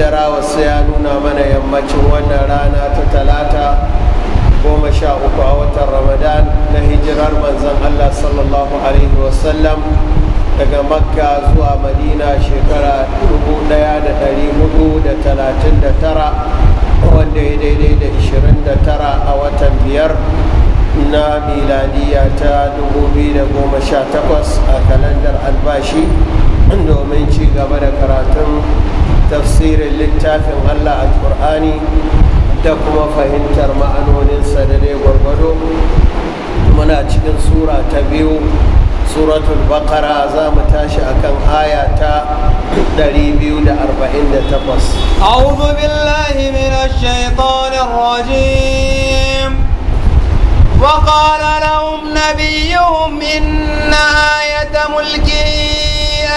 kaddara ya nuna mana yammacin wannan rana ta talata goma sha uku a watan ramadan na hijirar manzan allah sallallahu alaihi wasallam daga makka zuwa madina shekara 1439 wanda ya daidai da 29 a watan biyar na miladiya ta 2018 a kalandar albashi domin ci gaba da karatun tafsirin littafin allah alkur'ani da kuma fahimtar ma'anoninsa da gwargwado muna cikin sura ta biyu suratul bakara za mu tashi akan aya ta 248 a'udhu billahi minash shaitanir rajim وقال لهم نبيهم إن آية ملكه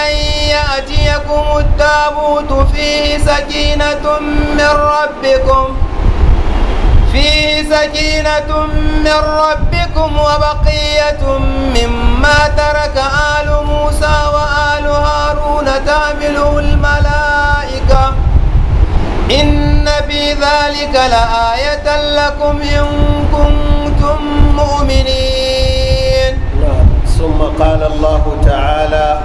أن يأتيكم التابوت فيه سكينة من ربكم فيه سكينة من ربكم وبقية مما ترك آل موسى وآل هارون تحمله الملائكة إن في ذلك لآية لكم إن كنتم مؤمنين نعم. ثم قال الله تعالى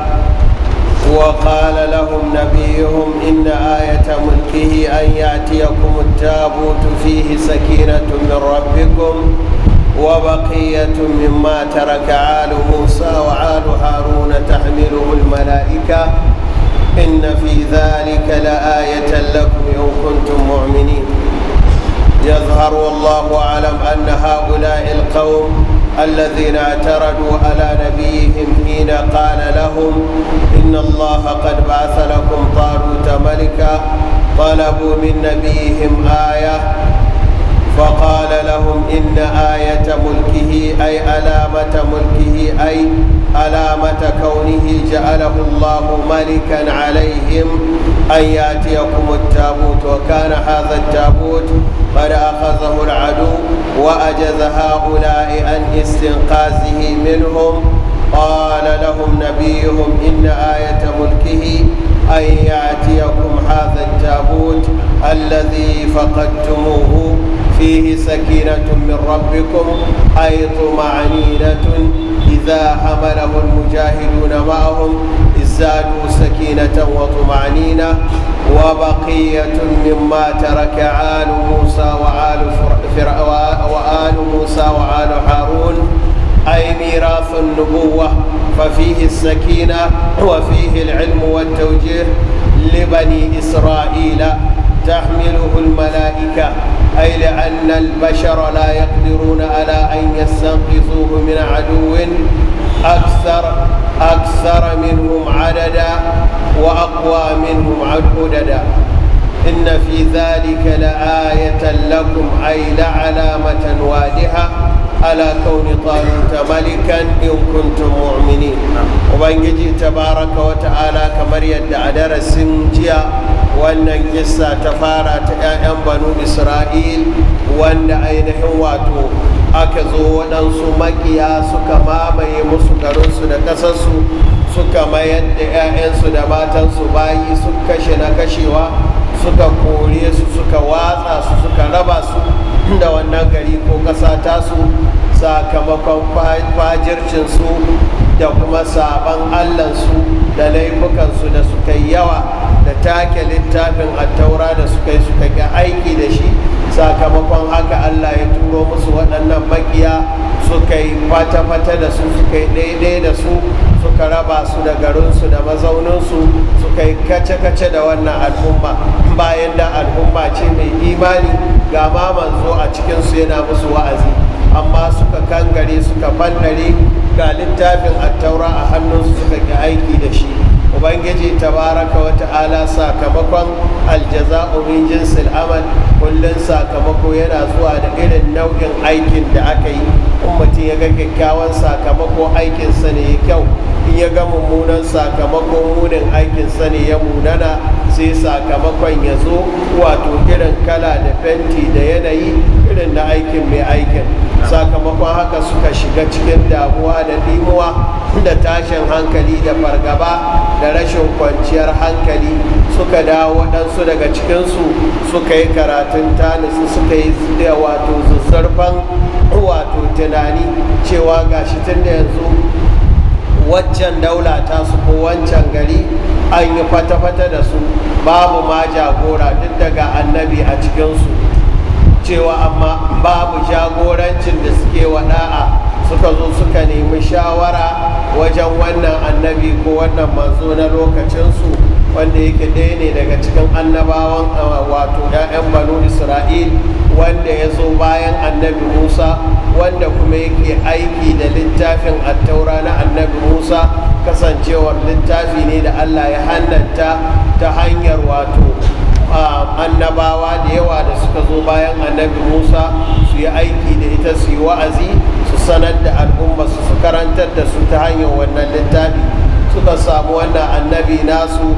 وقال لهم نبيهم إن آية ملكه أن يأتيكم التابوت فيه سكينة من ربكم وبقية مما ترك آل موسى جابوا من نبيهم آية فقال لهم إن آية ملكه أي علامة ملكه أي علامة كونه جعله الله ملكا عليهم أن يأتيكم التابوت وكان هذا التابوت قد أخذه العدو وأجز هؤلاء عن استنقاذه منهم قال لهم نبيهم إن آية ملكه أن يأتيكم هذا التابوت الذي فقدتموه فيه سكينة من ربكم أي طمأنينة إذا حمله المجاهدون معهم ازدادوا سكينة وطمأنينة وبقية مما ترك آل موسى وآل, فرع وآل موسى وآل هارون أي ميراث النبوة ففيه السكينة وفيه العلم والتوجيه لبني إسرائيل تحمله الملائكة أي لأن البشر لا يقدرون على أن يستنقذوه من عدو أكثر أكثر منهم عددا وأقوى منهم عددا إن في ذلك لآية لكم أي لعلامة واضحة ala kauni taluta malikan in kuntum mu'minin ubangiji tabaraka wa ta'ala kamar yadda a darasin jiya wannan kissa ta fara ta 'ya'yan banu isra'il wanda ainihin wato aka zo waɗansu makiya suka mamaye musu garinsu da ƙasarsu suka mayar da 'ya'yansu da matansu bayi su kashe na kashewa suka kore su suka watsa su suka raba su da wannan gari ko ƙasa tasu sakamakon fajircinsu da kuma saban allansu da laifukansu da suka yi yawa da take littafin attaura da suka yi suka ga aiki da shi sakamakon haka allah ya turo musu waɗannan makiya suka yi fata-fata da su suka yi daidai da su suka raba su da garinsu da mazauninsu suka yi kace-kace da wannan al'umma bayan da al'umma ce mai imani ga maman zo a cikinsu yana musu wa'azi amma suka kangare suka ballare ga littafin attaura a hannunsu suka ki aiki da shi ubangiji tabaraka wa ta'ala sakamakon aljaza'u min jinsil amal kullun sakamako yana zuwa da irin nau'in aikin da aka yi in mutum ya ga kyakkyawan sakamako aikinsa ne ya kyau in ya ga mummunan sakamakon munin aikin sani ya munana sai sakamakon ya zo wato irin kala da fenti da yanayi irin na aikin mai aikin sakamakon haka suka shiga cikin damuwa da ɗimuwa da tashin hankali da fargaba da rashin kwanciyar hankali suka dawo waɗansu daga cikinsu suka yi karatun tanisu suka yi wato zuzzurfan wato tunani cewa gashi tun da yanzu waccan daula ta su ko wancan gari an yi fata-fata da su babu ma jagora duk daga annabi a cikinsu cewa amma babu jagorancin da suke wada'a suka zo suka nemi shawara wajen wannan annabi ko wannan manzo na lokacinsu wanda yake ɗaya ne daga cikin annabawan wato 'ya'yan banu isra'il wanda ya zo bayan annabi musa wanda kuma yake aiki da littafin attaura na annabi musa kasancewar littafi ne da allah ya hannanta ta hanyar wato annabawa da yawa da suka zo bayan annabi musa su yi aiki da ita su yi wa'azi su sanar da al'umma su karantar da su ta hanyar wannan littafi suka samu wannan annabi nasu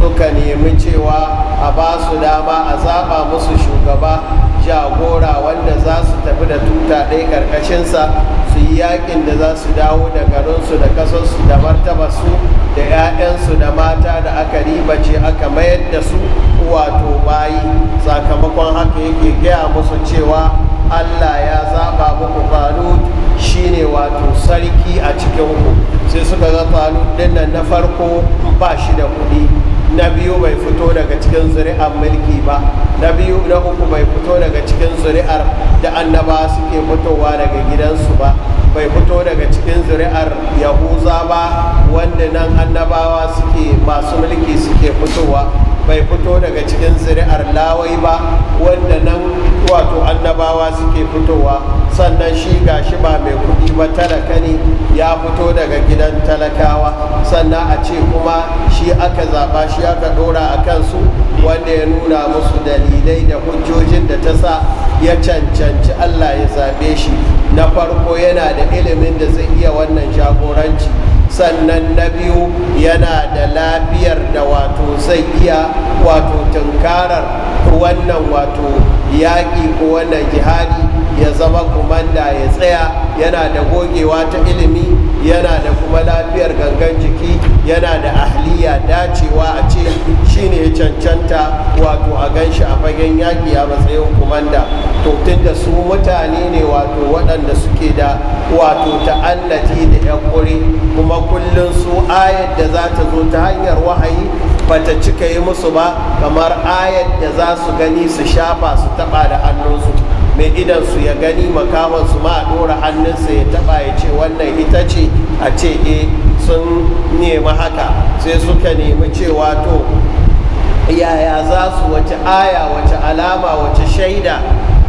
suka nemi cewa a ba su dama a zaba musu shugaba jagora wanda za su tafi da tuta ɗaya ƙarƙashinsa su yi yakin da za su dawo da garinsu da kasarsu da martabarsu da 'ya'yansu da mata da aka riba ribace aka mayar da su wato bayi sakamakon haka yake gaya musu cewa allah ya zaba muku falut shine wato sarki a cikin ku sai suka ga falut ɗin na farko ba shi da kuɗi na biyu bai fito daga cikin zuri'ar mulki ba na biyu na uku bai fito daga cikin zuri'ar da annaba suke fitowa daga gidansu ba bai fito daga cikin zuri'ar yahuza ba wanda nan annabawa suke masu mulki suke fitowa bai fito daga cikin zuri'ar lawai ba wanda nan wato annabawa suke fitowa sannan shi ga shi ba mai kudi ba talaka ne ya fito daga gidan talakawa sannan a ce kuma shi aka zaba shi aka ɗora a kansu wanda ya nuna musu dalilai da hujjojin da ta sa ya cancanci allah ya zaɓe shi na farko yana da ilimin da zai iya wannan jagoranci sannan na biyu yana da lafiyar da wato zai iya wato tunkarar wannan wato yaƙi ko wannan jihadi ya zama kumanda ya tsaya yana da gogewa ta ilimi yana da kuma lafiyar gangan jiki yana da ahliya dacewa a ce shine ya cancanta wato a gan shi a fagen yaki a matsayin kumanda to tunda su mutane ne wato waɗanda suke da wato ta'allati da yan kuri kuma kullum su ayar da za ta zo ta hanyar wahayi bata cika yi musu ba kamar ayar da za su gani su shafa su taɓa da hannunsu mai su ya gani makamansu ma a ɗora hannunsa ya taba ya ce wannan ita ce a ce e sun nemi haka sai suka nemi cewa to yaya za su wace aya wace alama wace shaida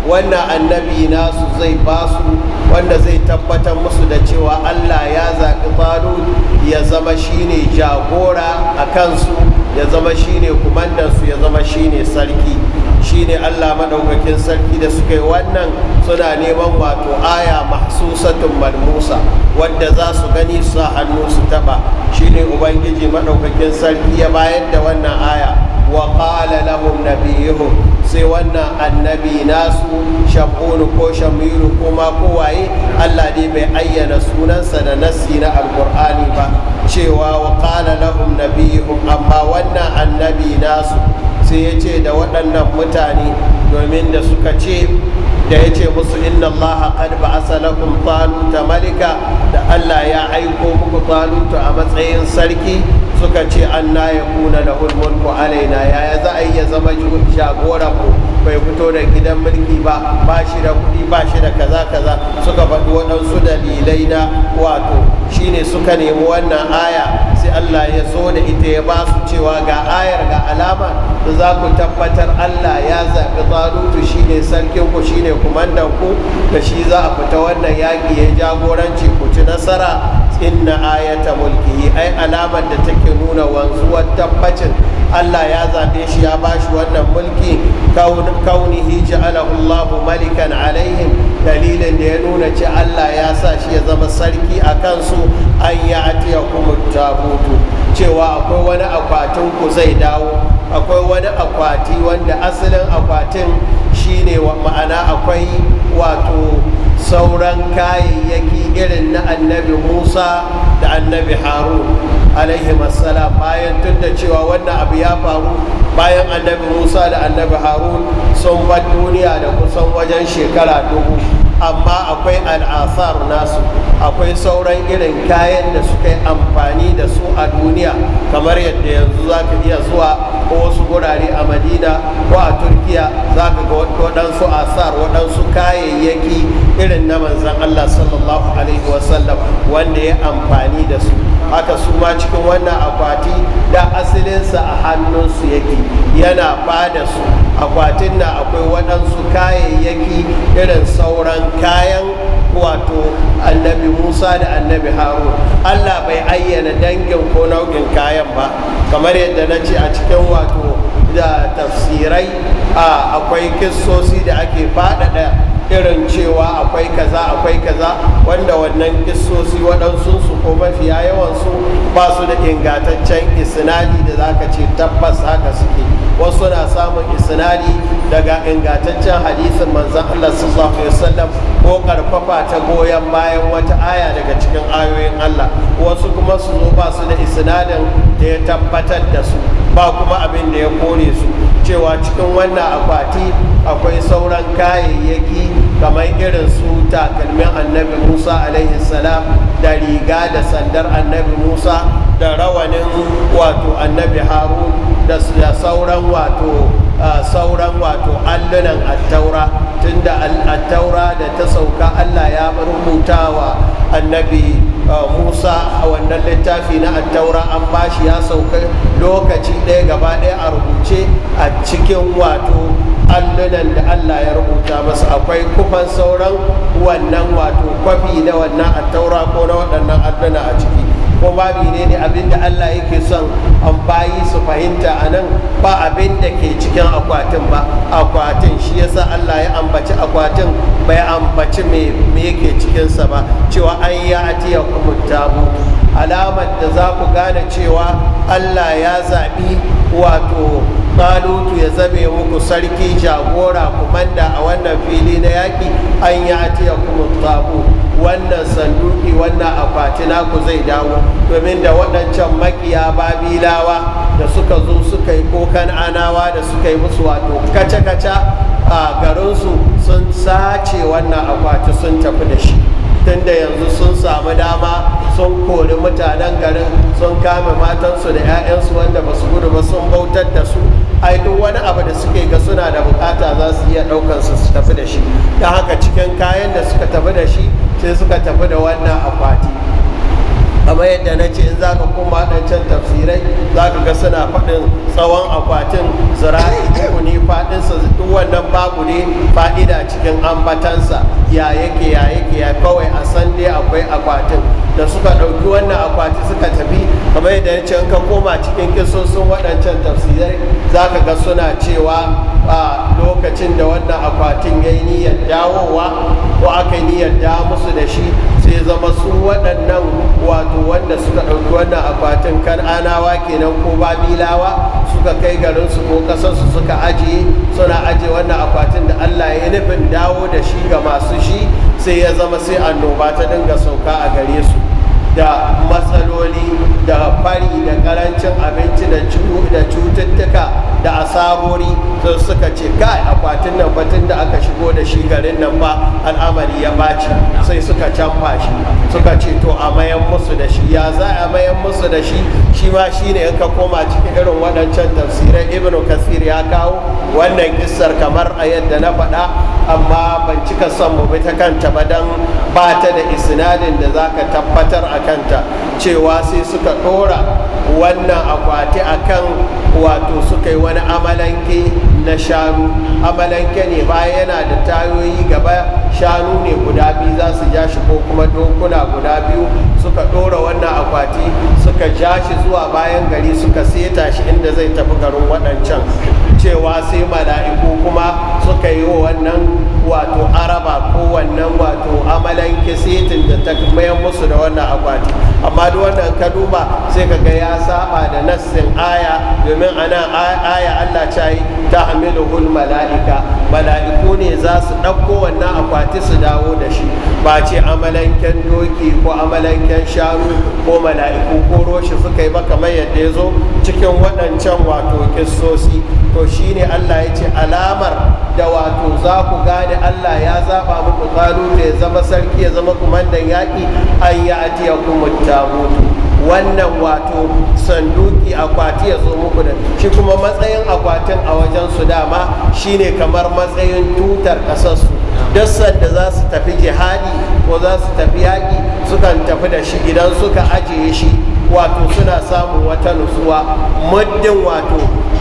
wannan annabi nasu zai su wanda zai tabbatar musu da cewa allah ya zaɓi faru ya zama shine jagora a kansu ya zama shine kumandansu ya zama shine sarki shine Allah maɗaukakin sarki da suka yi wannan suna neman wato aya mahsusatun malmusa wadda za su gani sa hannu su taba shine ubangiji maɗaukakin sarki ya bayar da wannan aya wa qala lahum nabiyuhum sai wannan annabi nasu shamunu ko shamiru ko kowaye Allah ne bai ayyana sunansa da nassi na alkur'ani ba cewa wa qala lahum nabiyuhum amma wannan annabi nasu sai ya ce da waɗannan mutane domin da suka ce da ya ce musu inna allaha qad ba'asa lakum malika da allah ya aiko muku faluta a matsayin sarki suka ce an na ya kuna da ku alaina yaya za a iya zama jagoran ku? bai fito da gidan mulki ba ba shi da kudi ba shi da kaza kaza suka faɗi waɗansu dalilai na wato shine suka nemi wannan aya sai Allah ya so da ita ya ba su cewa ga ayar ga alama da za ku tabbatar Allah ya zaɓi tsarutu shine sarkin ku shine kumandan ku da shi za a fita wannan yaƙi ya jagoranci ku ci nasara inna ayata mulkihi ai alamar da take nuna wanzuwar tabbacin Allah ya zaɓe shi ya bashi wannan mulki kaunihi ja'alahu Allahu malikan alaihim dalilin da ya nuna ce Allah ya sa shi ya zama sarki a kansu an ya atiya kuma tabutu cewa akwai wani akwatin ku zai dawo akwai wani akwati wanda asalin akwatin shine ma'ana akwai wato sauran kayayyaki irin na annabi musa da annabi harun alaihi masala bayan tun da cewa wannan abu ya faru bayan annabi musa da annabi harun sun bar duniya da kusan wajen shekara dubu amma akwai al'asar nasu akwai sauran irin kayan da suka yi amfani da su a duniya kamar yadda yanzu za ka iya zuwa ko wasu gurare a madina ko a turkiya za ka ga waɗansu asar waɗansu kayayyaki irin na manzan allah sallallahu alaihi wasallam wanda ya amfani da su haka su ma cikin wannan akwati da asalinsa a hannunsu yake yana bada su akwatin na akwai waɗansu kayayyaki irin sauran kayan wato annabi musa da annabi Haru. allah bai ayyana dangin ko nau'in kayan ba kamar yadda na ce a cikin wato da tafsirai akwai kissosi da ake faɗaɗa irin cewa akwai kaza akwai kaza wanda wannan kissosi waɗansu su ko mafiya yawansu ba su da ingantaccen isnadi da za ka ce tabbas haka suke wasu na samun isnadi daga ingantaccen hadisin manzan Allah sallallahu alaihi wasallam ko karfafa ta goyon bayan wata aya daga cikin ayoyin Allah wasu kuma su zo ba su da isnadin da ya tabbatar da su ba kuma abin da ya kone su cewa cikin wannan akwati akwai sauran kayayyaki kamar irin su takalmin annabi musa alaihi salam da riga da sandar annabi musa da rawanin wato annabi harun da sauran wato sauran wato allunan attaura tunda attaura da ta sauka allah ya rubuta wa annabi musa a wannan littafi na attaura an bashi ya sauka lokaci ɗaya gaba ɗaya a rubuce a cikin wato allunan da allah ya rubuta masa akwai kufan sauran wannan wato kwafi na wannan attaura ko na waɗannan alluna a ciki ko babi ne ne abinda allah yake son an bayi su fahimta a nan ba abin da ke cikin akwatin ba akwatin shi yasa allah ya ambaci akwatin bai ambaci me yake cikinsa ba cewa an ya atiya kuma tabu alamar da za ku gane cewa allah ya zaɓi wato malutu ya zabe muku sarki jagora kumanda a wannan fili na yaƙi an ya atiya kuma tabu wannan sanduki wannan akwati ku zai dawo domin da waɗancan makiya babilawa da suka zo suka yi kokan anawa da suka yi musu wato kaca-kaca a garinsu sun sace wannan akwati sun tafi da shi tunda yanzu sun samu dama sun kori mutanen garin sun kame matansu da 'ya'yansu wanda ba su gudu ba sun bautar da su ai duk wani abu da suke ga suna da bukata za su iya ɗaukansu su tafi da shi ta haka cikin kayan da suka tafi da shi sai suka tafi da wannan akwati kamar yadda na ce za ka koma can tafsirai za ka ga suna faɗin tsawon akwatin zira'i uku ne faɗinsa duk wannan babu ne fa'ida cikin ambatansa ya yake ya yake ya kawai a san dai akwai akwatin da suka ɗauki wannan akwati suka tafi kamar yadda ya ce ka koma cikin kisosin waɗancan tafsirai za ka ga suna cewa a lokacin da wannan akwatin ya yi niyyar dawowa ko aka yi niyyar dawo musu da shi sai zama su waɗannan wato wanda suka ɗauki wannan akwatin kan anawa kenan ko babilawa suka kai garinsu ko ƙasarsu suka ajiye suna ajiye wannan akwatin da allah ya nufin dawo da shi ga masu shi sai ya zama sai annoba ta dinga sauka a gare su da matsaloli da fari da karancin abinci da cututtuka da asabori sun suka ce kai akwatin nan batun da aka shigo da shi garin nan ba al'amari ya baci sai suka canfa shi suka ce to a mayan musu da shi ya za a mayan musu da shi shi ma shi ne ka koma cikin irin waɗancan tafsirai ibnu kasir ya kawo wannan kissar kamar a yadda na faɗa amma ban cika son mu bi ta kanta ba don ba ta da isnadin da za ka tabbatar a kanta cewa sai suka ɗora wannan akwati akan wato suka yi wani amalanke na shanu amalanke ne bayan yana da tayoyi gaba shanu ne guda biyu za su ja shi ko kuma dokuna guda biyu suka ɗora wannan akwati suka ja shi zuwa bayan gari suka seta shi inda zai tafi garin waɗancan cewa sai mala'iku kuma suka yi wa wannan wato araba ko wannan wato amalan kisitin da ta musu da wannan akwati amma duk wannan ka duba sai ka ga ya saba da nassin aya domin ana aya Allah ta yi ta hamiluhul mala'ika mala'iku ne za su ɗauko wannan akwati su dawo da shi ba ce amalanken doki ko amalanken shanu ko mala'iku ko roshi suka yi ba kamar yadda ya zo cikin waɗancan wato kissosi to shine Allah ya ce alamar da wato za ku gane Allah ya zaba muku kalu ya zama sarki ya zama kumandan yaƙi an ya atiya tabutu wannan wato sanduki akwati ya zo muku da shi kuma matsayin akwatin a wajen su dama shine kamar matsayin tutar kasarsu duk sanda za su tafi jihadi ko za su tafi yaƙi sukan tafi da shi idan suka ajiye shi wato suna samun wata nutsuwa muddin wato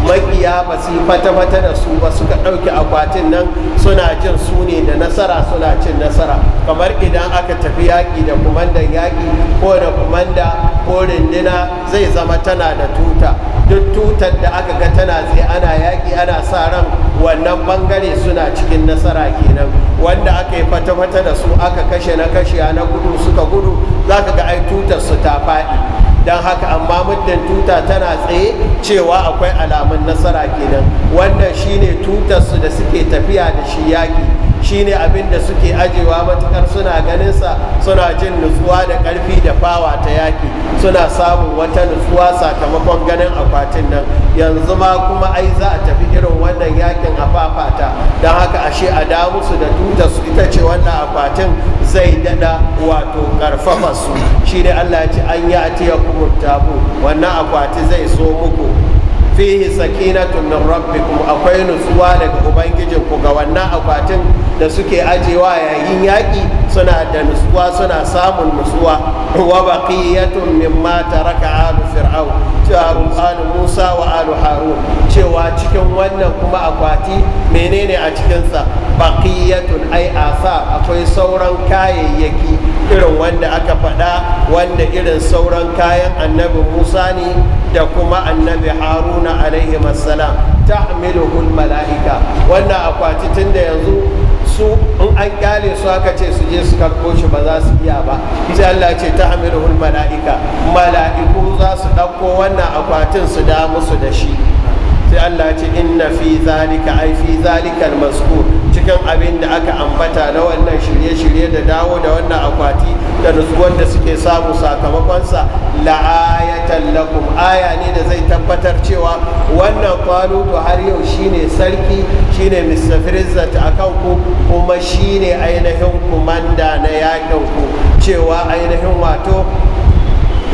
makiya ba su fata-fata da su ba suka ɗauki akwatin nan suna jin su ne da nasara suna cin nasara kamar idan aka tafi yaƙi da kumandan yaƙi ko da kumanda ko rindina zai zama tana da tuta duk tutar da aka ga tana tsaye ana yaƙi ana sa ran wannan bangare suna cikin nasara kenan wanda aka yi fata-fata da su aka kashe na kashe na gudu suka gudu za ka ga ai tutar su ta faɗi don haka amma muddin tuta tana tsaye cewa akwai alamun nasara kenan wannan shine tutarsu da suke tafiya da shi yaƙi shine abin da suke ajewa matukar suna ganinsa suna jin nutsuwa da ƙarfi da fawa ta yaƙi suna samun wata nutsuwa sakamakon ganin akwatin nan yanzu ma kuma ai za a tafi irin wannan yakin a fafata don haka ashe a da su da tutarsu ita ce wannan akwatin zai daɗa wato ƙarfafa su shi ne allah ya ce an yi a tiya kuma tabu wannan akwati zai so muku fihi sakinatun min rabbikum akwai nutsuwa daga ubangijin ku ga wannan akwatin da suke ajewa yayin yaƙi suna da nutsuwa suna samun nutsuwa wa baqiyatun mimma taraka alu fir'aun alu musa wa alu harun cewa cikin wannan kuma akwati menene a cikinsa baqiyatun ai asa akwai sauran kayayyaki irin wanda aka faɗa wanda irin sauran kayan annabi musa ne da kuma annabi haruna alaihi salam ta hamiluhul mala'ika wannan akwati tun da yanzu su in an kyale su aka ce su je su karɓo shi ba za su iya ba sai Allah ce ta hamiluhul mala'ika mala'iku za su ɗauko wannan akwatin su da musu da shi sai Allah ce inna fi zalika ai fi zalikal cikin abin da aka ambata na wannan shirye-shirye da dawo da wannan akwati da nutsuwar da suke samu sakamakonsa la'ayatan lakum aya ne da zai tabbatar cewa wannan kwalutu har yau shine sarki shine mr frizzat a ku, kuma shine ainihin kumanda na yakin ku cewa ainihin wato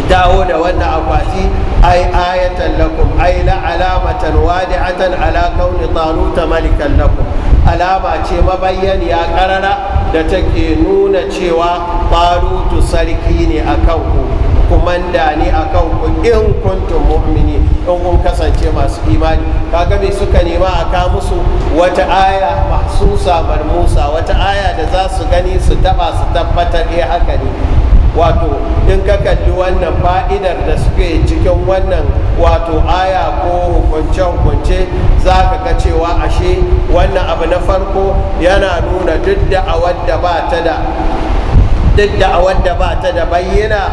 dawo da wannan akwati أي آية لكم أي لعلامة وادعة على كون طالوت ملكا لكم alama ce mabayyaniya karara da take nuna cewa talutu sarki ne a kanku kumanda ne a kanku in kuntum mu'mini in kun kasance masu imani kaga me suka nema a ka musu wata aya mahsusa marmusa wata aya da za su gani su taba su tabbatar eh haka ne wato in ka kalli wannan fa'idar da suke cikin wannan wato aya ko hukunce-hukunce za ka ga cewa ashe wannan abu na farko yana nuna duk da a wadda ba ta da duk da a wadda ba ta da bayyana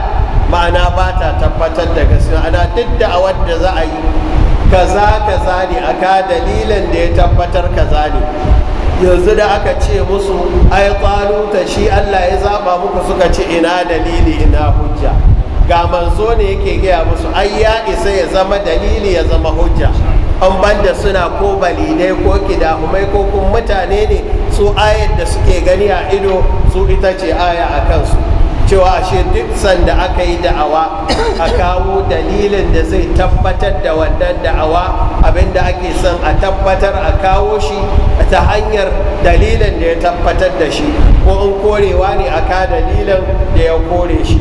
ma'ana ba ta tabbatar da gaskiya ana duk da a wadda za a yi kaza kaza ne aka dalilin da ya tabbatar kaza ne yanzu da aka ce musu ai kwanuta shi Allah ya zaba muku suka ce ina dalili ina hujja ga manzo ne yake gaya musu ai ya isa ya zama dalili ya zama hujja an banda suna ko balidai ko kidahumai ko kuma mutane ne su ayar da suke gani a ido su ita ce aya a kansu cewa ashe duk sanda aka yi da'awa a kawo dalilin da zai tabbatar da wannan da'awa abinda ake son a tabbatar a kawo shi ta hanyar dalilin da ya tabbatar da shi ko in korewa ne a ka dalilin da ya kore shi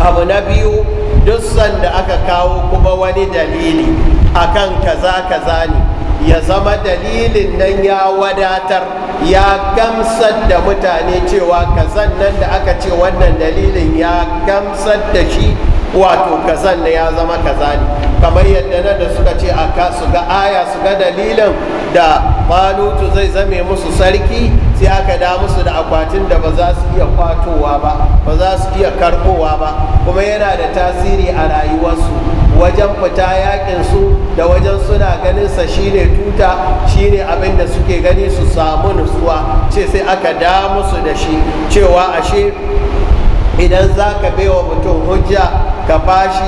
abu na biyu duk sanda aka kawo kuma wani dalili akan kaza kaza ne ya zama dalilin nan ya wadatar ya gamsar da mutane cewa kazan nan da aka ce wannan dalilin ya gamsar da shi wato kazan da ya zama kaza kamar yadda nan da suka ce a su ga aya su ga dalilin da malutu zai zame musu sarki sai aka da musu da akwatin da ba za su iya kwatowa ba ba za su iya karkowa ba kuma yana da tasiri a rayuwarsu wajen fita yakin su da wajen suna ganin sa shine tuta shine abin da suke gani su samu nutsuwa ce sai aka da musu da shi cewa ashe idan za ka baiwa mutum hujja ka bashi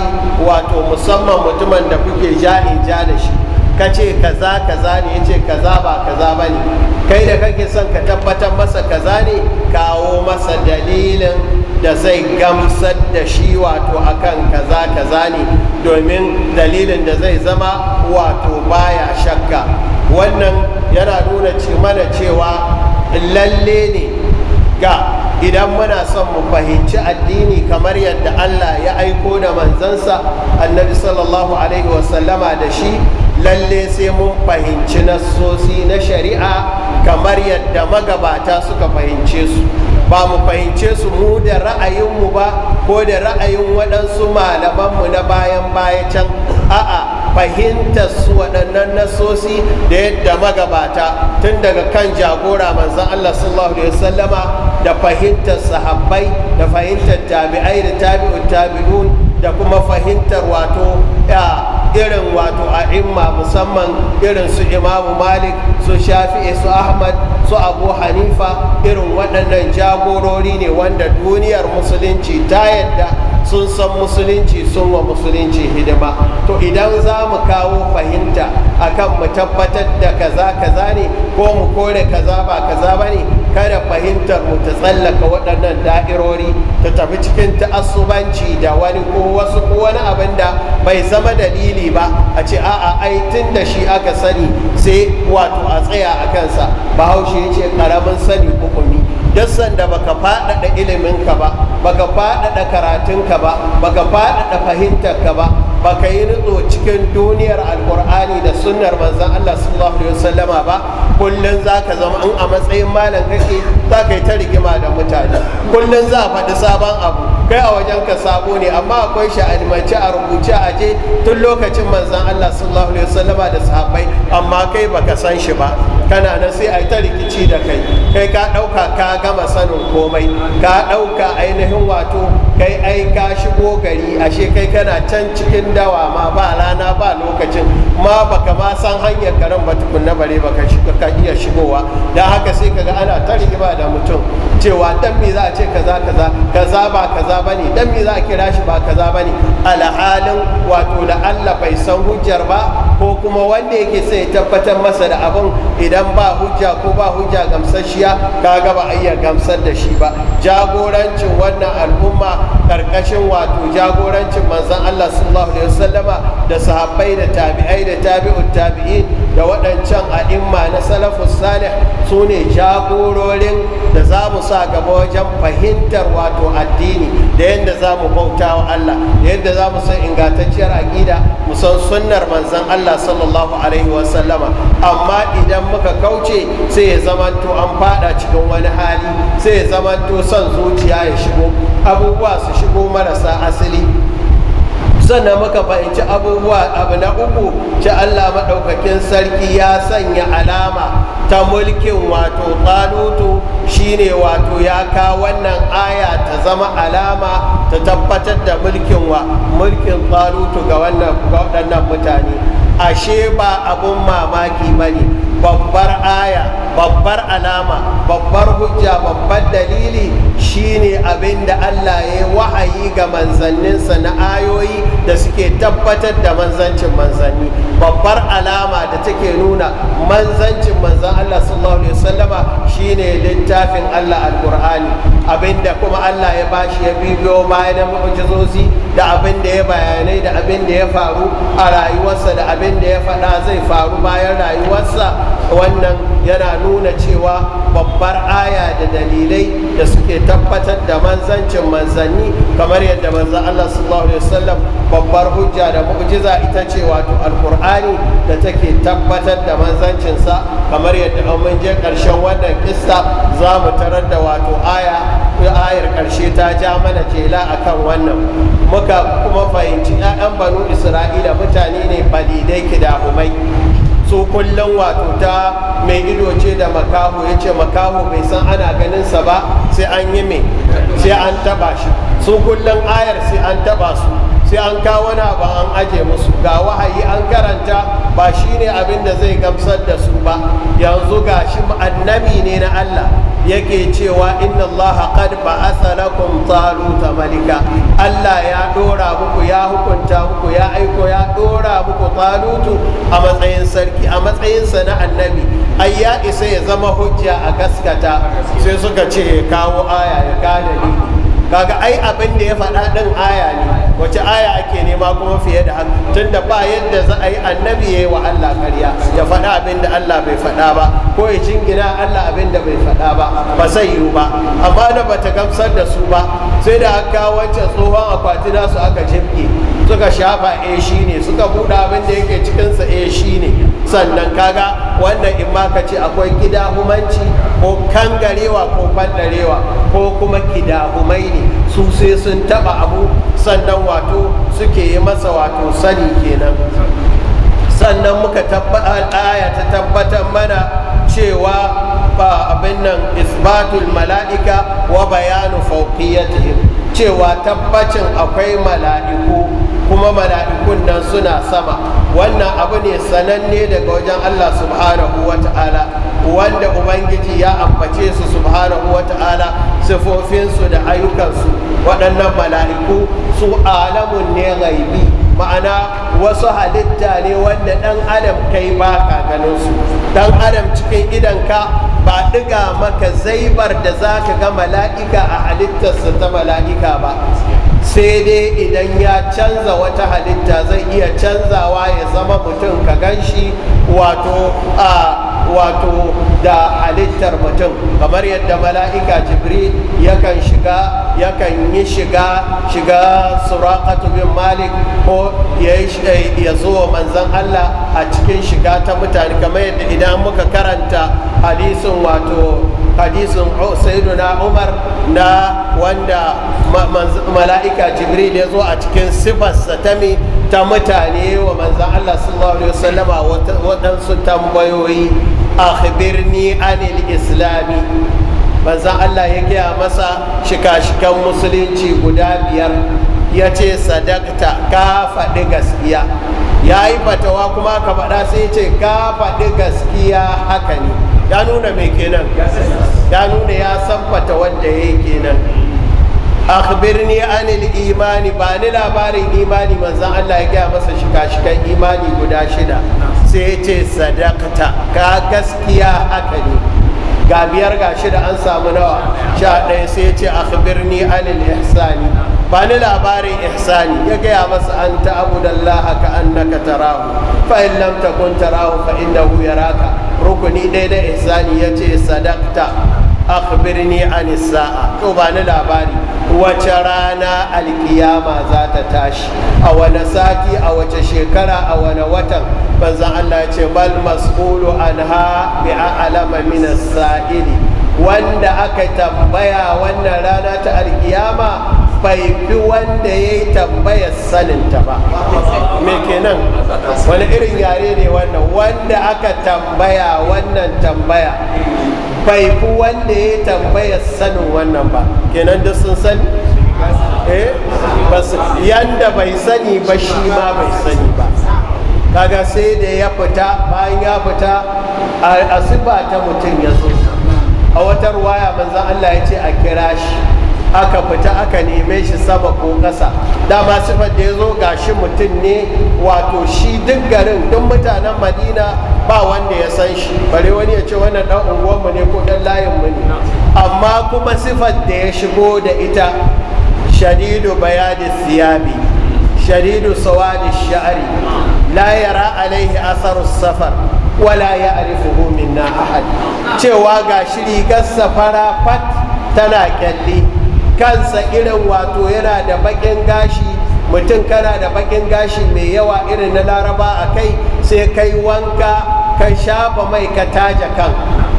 wato musamman mutumin da kuke jani ja da shi ka ce kaza kaza ne ya ce kaza ba kaza ba ne kai da kake son ka tabbatar masa kaza ne kawo masa dalilin da zai gamsar da shi wato akan kaza kaza ne domin dalilin da zai zama wato baya shakka wannan yana nuna mana cewa lalle ne ga idan muna son mu fahimci addini kamar yadda allah ya aiko da manzansa annabi sallallahu alaihi wasallama da shi lalle sai mun fahimci nasosi na shari'a kamar yadda magabata suka fahimce su ba mu fahimce su mu da ra'ayinmu ba ko da ra'ayin waɗansu malamanmu na bayan baya can a'a fahimtar su waɗannan nasosi da yadda magabata tun daga kan jagora manzan Allah sallallahu alaihi wasallama da fahimtar sahabbai da fahimtar tabi'ai da tabi'un tabi'un da kuma fahimtar wato irin wato a imma musamman irin su imamu malik su shafi su ahmad su abu hanifa irin waɗannan jagorori ne wanda duniyar musulunci ta yadda sun san musulunci sun wa musulunci hidima to idan za mu kawo fahimta akan mu tabbatar da kaza kaza ne ko mu kore kaza ba kaza ba ne kada fahimtar mu ta tsallaka waɗannan da'irori ta tafi cikin ta'assubanci da wani ko wasu ko wani abin da bai zama dalili ba a ce a'a ai tun da shi aka sani sai wato a tsaya a kansa bahaushe ya ce ƙaramin sani uku duk sanda baka faɗaɗa iliminka ba baka faɗaɗa karatunka ba baka faɗaɗa fahimtarka ba baka yi nutso cikin duniyar alkur'ani da sunnar manzan Allah sallallahu alaihi wasallama ba kullum za ka zama in a matsayin malam kake za ka yi ta rigima da mutane kullum za a faɗi sabon abu kai a wajen ka sabo ne amma akwai shi a a rubuce a je tun lokacin manzan Allah sallallahu alaihi wasallama da sahabbai amma kai baka san shi ba kana nan sai a yi ta rikici da kai kai ka ɗauka ka gama sanin komai ka ɗauka ainihin wato kai ai ka shigo gari ashe kai kana can cikin dawa ma ba rana ba lokacin ma baka ma san hanyar karen ba tukunna bare baka ka iya shigowa da haka sai kaga ana ta rigima da mutum cewa dan me za a ce kaza kaza kaza ba kaza bane dan me za a kira shi ba kaza bane alhalin wato da Allah bai san hujjar ba ko kuma wanda yake sai ya tabbatar masa da abin idan ba hujja ko ba hujja gamsasshiya ga ba a gamsar da shi ba jagorancin wannan al'umma karkashin wato jagorancin manzan Allah sallallahu alaihi wasallama da sahabbai da tabi'ai da tabi'ut tabi'i da waɗancan a'imma na salafus salih su ne jagororin da za mu sa gaba wajen fahimtar wato addini da yadda za mu bauta wa Allah da yadda za mu san ingantacciyar aƙida mu san sunnar manzan Allah sallallahu alaihi wasallama amma idan muka kauce sai ya zamanto an fada cikin wani hali sai ya zamanto son zuciya ya shigo abubuwa su shigo marasa asali sannan muka fahimci abubuwa abu na uku ci allah maɗaukakin sarki ya sanya alama ta mulkin wato ƙalutu shine wato ya ka wannan aya ta zama alama ta tabbatar da mulkin wa mulkin ga wannan mutane ashe ba abun mamaki bane babbar aya babbar alama babbar hujja babbar dalili shine abinda Allah ya wahayi ga manzanninsa na ayoyi da suke tabbatar da manzancin manzanni babbar alama da take nuna manzancin manzan Allah sallallahu alaihi wasallama shine littafin Allah alkur'ani abinda kuma Allah ya bashi ya bibiyo bayan mu'jizozi da abin ya bayanai da abin ya faru a rayuwarsa da abinda ya faɗa zai faru bayan rayuwarsa wannan yana nuna cewa babbar aya da dalilai da suke tabbatar da manzancin manzanni kamar yadda manzo Allah sallallahu alaihi wasallam babbar hujja da mu'jiza ita ce wato alqur'ani da take tabbatar da manzancin kamar yadda an mun je karshen wannan kissa za mu tarar da wato aya ayar karshe ta ja mana jela akan wannan muka kuma fahimci 'ya'yan banu isra'ila mutane ne balidai kidahumai su kullum wato ta mai ido ce da makaho ya ce makaho bai san ana ganin sa ba sai an yi mai sai an taba shi su kullum ayar sai an taba su sai an kawana ba an aje musu ga wahayi an karanta ba shine abin da zai gamsar da su ba yanzu ga shi annabi ne na Allah yake cewa inna Allah qad ba'atha lakum taluta malika Allah ya dora muku ya hukunta muku ya aiko ya dora muku talutu a matsayin sarki a matsayin sa na annabi ai ya isa ya zama hujja a gaskata sai suka ce ya kawo aya ya kada dalili kaga ai abin da ya faɗa ɗin aya ne wace aya ake nema kuma fiye da tun tunda ba yadda za a yi annabi ya yi wa Allah ƙarya ya faɗa abin da Allah bai faɗa ba ko ya jingina Allah abin da bai faɗa ba ba zai yiwu ba amma da ta gamsar da su ba sai da aka wancan tsohon akwati nasu aka jimke suka shafa a eh, shi ne suka buɗe abin da yake cikinsa a eh, shi ne sannan kaga wannan in ma ka ce akwai humanci ko kangarewa ko faɗarewa ko kuma kidahumai ne su sai sun taba abu sannan wato suke yi masa wato sani kenan sannan muka aya ta tabbatar mana cewa ba abin nan isbatul mala'ika wa bayanu fauqiyatihim cewa tabbacin akwai mala'iku kuma mala'ikun nan suna sama wannan abu ne sananne daga wajen Allah subhanahu wa ta'ala wanda ubangiji ya ambace su subhanahu wata'ala sifofinsu da ayyukansu waɗannan mala'iku su alamun ne gaibi ma'ana wasu halitta ne wanda ɗan adam kai ba ka ganin su ɗan adam cikin idanka ba ɗiga maka zaibar da za ka ga mala'ika a halittarsa ta mala'ika ba sai dai idan ya canza wata halitta zai iya canzawa ya zama mutum ka ganshi wato a wato da halittar mutum kamar yadda mala'ika jibril yakan shiga yakan yi shiga shiga surakatu bin malik ko ya zo wa manzan allah a cikin shiga ta mutane kamar yadda idan muka karanta hadisin wato hadisin sayyiduna umar na wanda mala'ika jibril ya zo a cikin sifarsa ta ta mutane wa manzan allah sallallahu alaihi wasallama waɗansu tambayoyi akhbirni anil islami manzan allah ya gaya masa shika-shikan musulunci guda biyar ya ce sadakta ka faɗi gaskiya ya yi fatawa kuma ka faɗa sai ce ka faɗi gaskiya haka ne ya nuna mai kenan ya nuna ya wanda ya yi kenan akhbirni anil imani ba ni labarin imani manzan Allah ya gaya masa shika-shikan imani guda shida sai ya ce sadakta ka gaskiya haka ne ga biyar ga shida an samu nawa sha ɗaya sai ya ce akhbirni anil ihsani ba ni labarin ihsani ya gaya masa an ta'budallaha ka annaka tarahu fa in lam takun tarahu fa innahu yaraka rukuni ɗaya na ihsani ya ce sadakta akhbirni an sa'a to ba ni labari wace rana alkiyama za ta tashi a wane sati a wace shekara a wane watan banzan Allah ce bal mas'ulu anha bi a'lama min as-sa'ili wanda aka tambaya wannan rana ta alkiyama bai fi wanda ya yi tambayar saninta ba me kenan wani irin yare ne wannan wanda aka tambaya wannan tambaya bai fi wanda ya yi tambayar sanin wannan ba kenan duk sun sani eh yanda bai sani ba shi ma bai sani ba kaga sai da ya fita bayan ya fita a sifa ta mutum ya zo a wata ruwaya banza Allah ya ce a kira shi aka fita aka neme shi sama ko ƙasa dama sifar da ya zo gashi mutum ne wato shi duk garin duk mutanen madina ba wanda ya san shi bare wani ya ce wannan ɗan unguwanmu ne ko ɗan layinmu ne amma kuma sifar da ya shigo da ita shadidu bayani siyabi shadidu sawadi sha'ari la yara alaihi asarus safar wala ya arifuhu minna ahad cewa ga rigar safara fat tana kyalli kansa irin wato yana da bakin gashi mutum kana da bakin gashi mai yawa irin na laraba a kai sai kai wanka ka shafa mai ka taja kan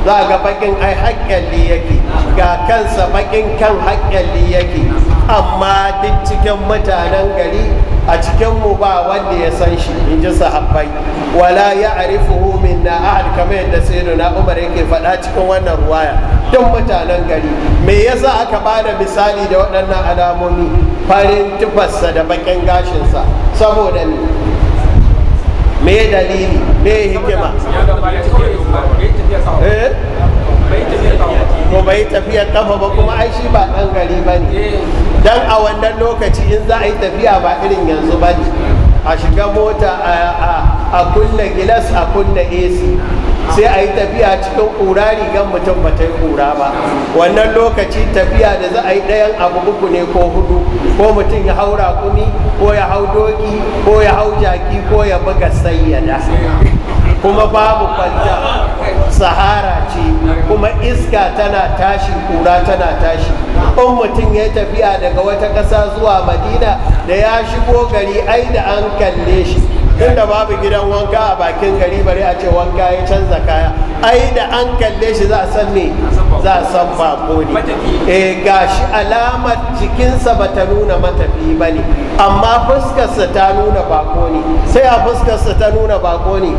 za ga bakin ai haƙƙalli yake ga kansa bakin kan haƙƙalli yake amma duk cikin mutanen gari a cikinmu ba wanda ya san shi in ji sahabbai wala ya arifuhu min na ahad kamar yadda sayidu na umar yake faɗa cikin wannan ruwaya Don mutanen gari me yasa aka ba da misali da waɗannan alamomi farin tufarsa da bakin gashinsa saboda ni me dalili me hikima ko eh? bai tafiya kafa ba kuma ai shi ba ɗan gari ba ne dan a wannan lokaci in za a yi tafiya ba irin yanzu ba a shiga mota a kunna gilas a kunna ac sai a yi tafiya cikin ƙura rigar mutum ba ta yi ƙura ba wannan lokaci tafiya da za a yi ɗayan abu uku ne ko hudu ko mutum ya hau raƙumi ko ya hau doki ko ya hau jaki ko ya buga sayyada kuma babu kwanta sahara ce kuma iska tana tashi kura tana tashi in mutum ya tafiya daga wata ƙasa zuwa madina da ya shigo gari ai da an kalle shi da babu gidan wanka a bakin gari bare a ce wanka ya canza kaya ai da an kalle shi za a san ne za a san bako ne eh, ga gashi alamar jikinsa ba ta nuna matafi ba ne amma fuskarsa ta nuna bako ne sai a fuskarsa ta nuna bako ne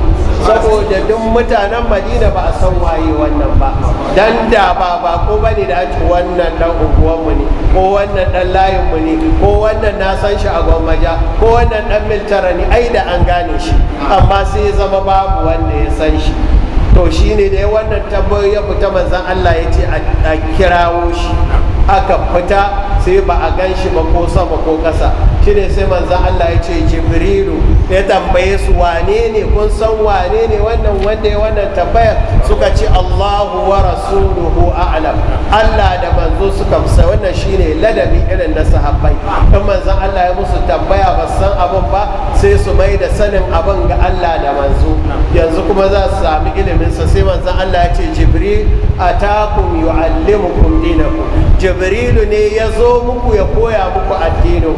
saboda duk mutanen madina ba a san waye wannan ba dan da ba bako ba ne da ake wannan dan unguwanmu ne ko wannan dan layin mu ne ko wannan na san shi a gwammaja ko wannan dan miltara ne ai da an gane shi amma sai ya zama babu wanda ya san shi to shine da wannan tambayoyi ya fita manzan Allah yace ce a kirawo shi aka fita sai ba a gan shi ba ko sama ko ƙasa shine sai manzan Allah yace ce jibrilu ya tambaye su wane ne kun san wane ne wannan wanda ya wannan tambayar suka ci Allahu wa rasuluhu a'lam Allah da manzo suka fusa wannan shine ladabi irin na sahabbai in manzo Allah ya musu tambaya ba san abin ba sai su mai da sanin abin ga Allah da manzo yanzu kuma za su sami ilimin sa sai manzo Allah ya ce Jibril atakum yu'allimukum dinakum Jibrilu ne ya zo muku ya koya muku addinin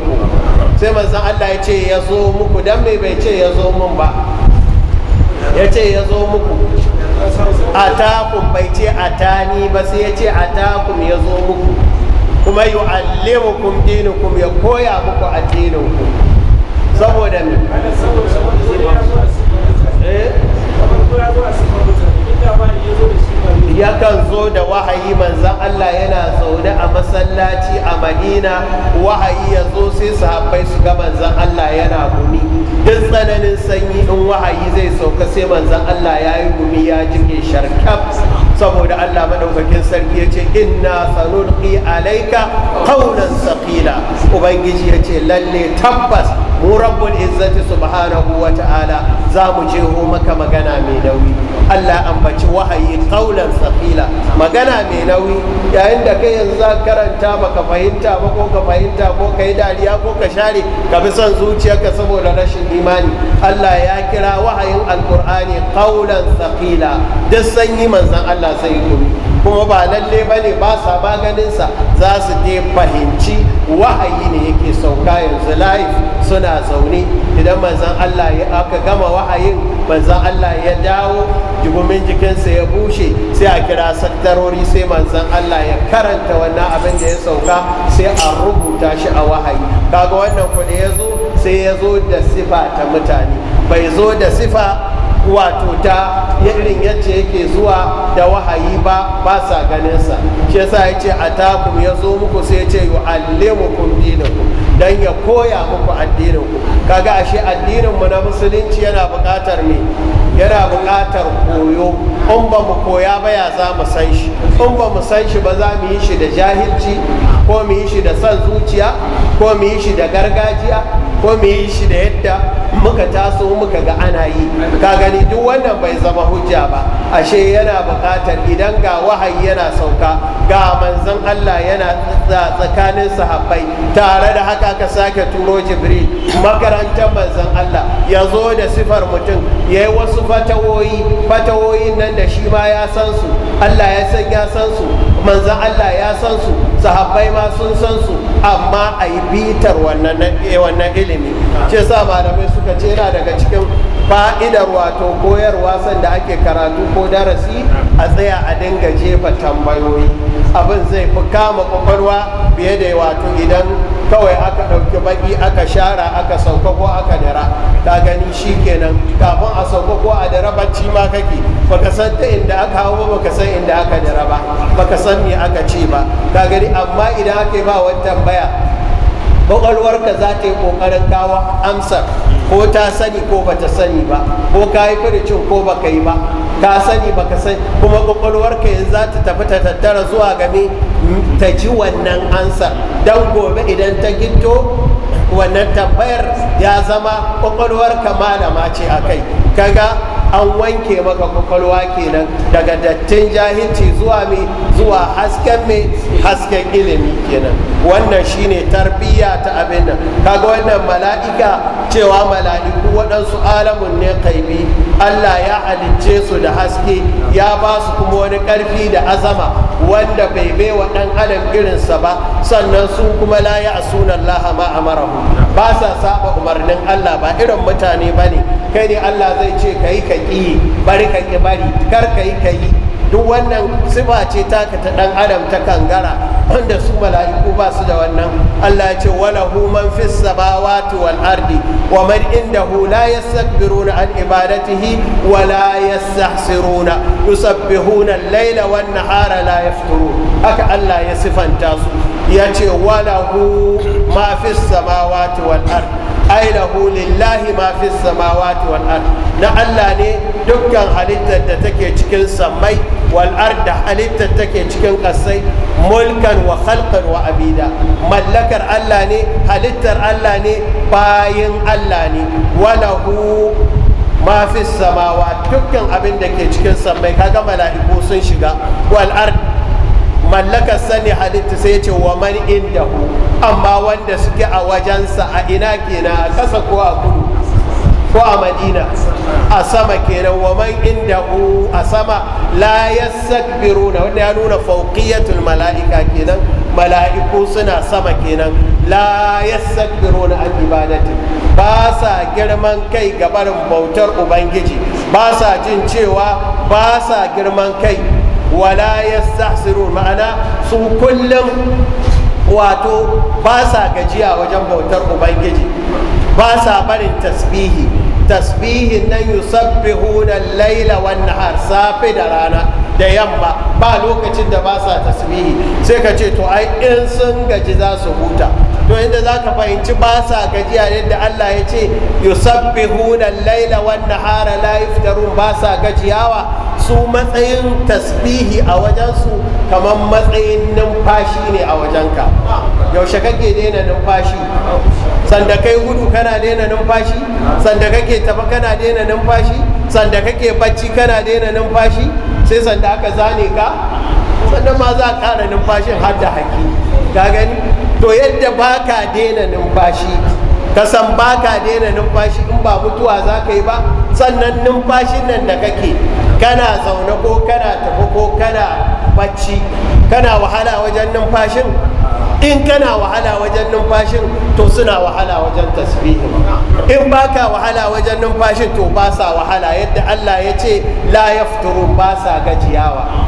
sai manzo Allah ya ce ya zo muku dan me ce bai ce ya zo mun ba ya ce ya zo muku atakum bai ce atani ba sai ya ce atakum ya zo muku kuma dinukum ya koya muku saboda me eh? yakan zo da wahayi manzan Allah yana zaune a masallaci a madina wahayi ya zo sai sahabbai su ga manzan Allah yana gumi duk tsananin sanyi in wahayi zai sauka sai manzan Allah ya yi gumi ya jike sharkaf saboda Allah madaukakin sarki ya ce inna sanulqi alaika qawlan saqila ubangiji ya ce lalle tabbas mu rabbul izzati subhanahu wa ta'ala za mu je maka magana mai nauyi Allah ambaci wahayi kaulan saqila magana mai nauyi yayin da kai yanzu za karanta baka fahimta ba ko ka fahimta ko ka dariya ko ka share ka bi son zuciyarka saboda rashin imani Allah ya kira wahayin alkur'ani kaulan safila duk sanyi manzan Allah sai kuma ba lalle bane ba sa sa za su je fahimci wahayi ne yake sauka yanzu live suna zaune idan manzan Allah ya aka gama wahayin manzan Allah ya dawo jigumin jikinsa ya bushe sai a kira saktarori sai manzan Allah ya karanta wannan abin da ya sauka sai a rubuta shi a wahayi kaga wannan kuɗi ya zo sai ya zo da sifa ta mutane bai zo da sifa wato ta irin yadda yake zuwa da wahayi ba ba sa ganinsa shi yasa ya ce a taku ya zo muku sai ya ce yi allimukum dinakum don ya koya muku addininku kaga ashe addininmu na musulunci yana buƙatar ne yana buƙatar koyo in ba mu koya ba ya za mu san shi in ba mu san shi ba za mu yi shi da jahilci ko mu yi shi da son zuciya ko mu yi shi da gargajiya ko mu yi shi da yadda muka taso muka ga ana yi ka gani duk wannan bai zama hujja ba ashe yana buƙatar idan ga wahayi yana sauka ga manzon Allah yana tsakanin sahabbai tare da haka ka sake turo jibril makarantar manzon Allah ya zo da sifar mutum yayi yi wasu fatawoyi fatawoyin nan da shi ma ya san su Allah ya san ya san su manzo Allah ya san su sahabbai ma sun san su amma a yi bitar wannan eh, ilimi ce sa malamai suka ce yana daga cikin fa'idar wato koyarwa sanda ake karatu ko darasi a tsaya a dinga jefa tambayoyi abin zai fi kama kwakwalwa fiye da wato idan kawai aka ɗauki baƙi aka shara aka sauka ko aka dara ta gani shi kenan kafin a sauka ko a dara bacci ma kake baka san ta inda aka hau baka san inda aka dara ba baka san me aka ce ba ta gani amma idan aka yi ba wani tambaya kwakwalwarka za ta yi ƙoƙarin kawo amsar ko ta sani ko ba ta sani ba ko ka yi furicin ko ba ka yi ba ka sani ba ka sani kuma kwakwalwarka yanzu za ta tafi ta tattara zuwa game ta ji wannan ansa don gobe idan ta gito wannan tambayar ya zama kwakwalwarka malama ce a kai kaga an wanke maka kwakwalwa kenan daga dattin jahilci zuwa mai zuwa hasken mai hasken ilimi kenan wannan shine tarbiyya ta abin nan kaga wannan mala'ika cewa mala'iku waɗansu alamun ne kaibi allah ya halicce su da haske ya ba su kuma wani ƙarfi da azama wanda bai bai wa ɗan adam irinsa ba sannan su kuma la a sunan lahama a marahu ba sa saba umarnin allah ba irin mutane ba ne kai ne allah zai ce ka yi ka ka ƙi bari ka ƙi bari kar ka yi ka yi duk wannan sifa ce taka ta ɗan adam ta kangara wanda su mala'iku ba su da wannan Allah ce wala hu man fis samawati wal ardi wa man indahu la yastakbiruna an ibadatihi wa la yastahsiruna yusabbihuna al-laila wan nahara la yafturun haka Allah ya sifanta su ya ce wala hu ma fis samawati wal ardi ai lillahi ma fi samawati wal ard na Allah ne dukkan halittar da take cikin samai wal ard da halittar take cikin kasai mulkan wa khalqan wa abida mallakar Allah ne halittar Allah ne bayin Allah ne walahu ma fi samawa dukkan abin da ke cikin samai kaga mala'iku sun shiga wal ard mallakar sani halittu sai ce wa man indahu amma wanda suke a wajensa a ina kenan a ƙasa ko a kudu ko a madina a sama kenan wa man indahu a sama la yastakbiruna wanda ya nuna fawqiyatul mala'ika kenan mala'iku suna sama kenan la yastakbiruna an ibadati ba sa girman kai barin bautar ubangiji ba sa jin cewa ba sa girman kai wala yastahsiru ma'ana su kullum wato ba sa gajiya wajen bautar ubangiji ba sa barin tasbihi tasbihin nan yusabbihuna laila wannan har safe da rana da yamma ba lokacin da ba sa tasbihi sai ka ce to ai in sun gaji za su huta to inda za ka fahimci ba sa gajiya yadda Allah ya ce yusabbihuna al-laila wan nahara la yaftarun ba sa gajiyawa su matsayin tasbihi a wajensu kamar matsayin numfashi ne a wajenka yaushe kake daina numfashi sanda kai gudu kana daina numfashi sanda kake tafa kana daina numfashi sanda kake bacci kana daina numfashi sai sanda aka zane ka sannan ma za a ƙara numfashin har da haki ka gani to yadda baka daina numfashi ka san baka daina numfashi in ba mutuwa za ka yi ba sannan numfashin nan da kake kana zaune ko kana tafi ko kana bacci kana wahala wajen numfashin in kana wahala wajen numfashin to suna wahala wajen tasbihin in baka wahala wajen numfashin to ba sa wahala yadda Allah ya ce la yafturu ba sa gajiyawa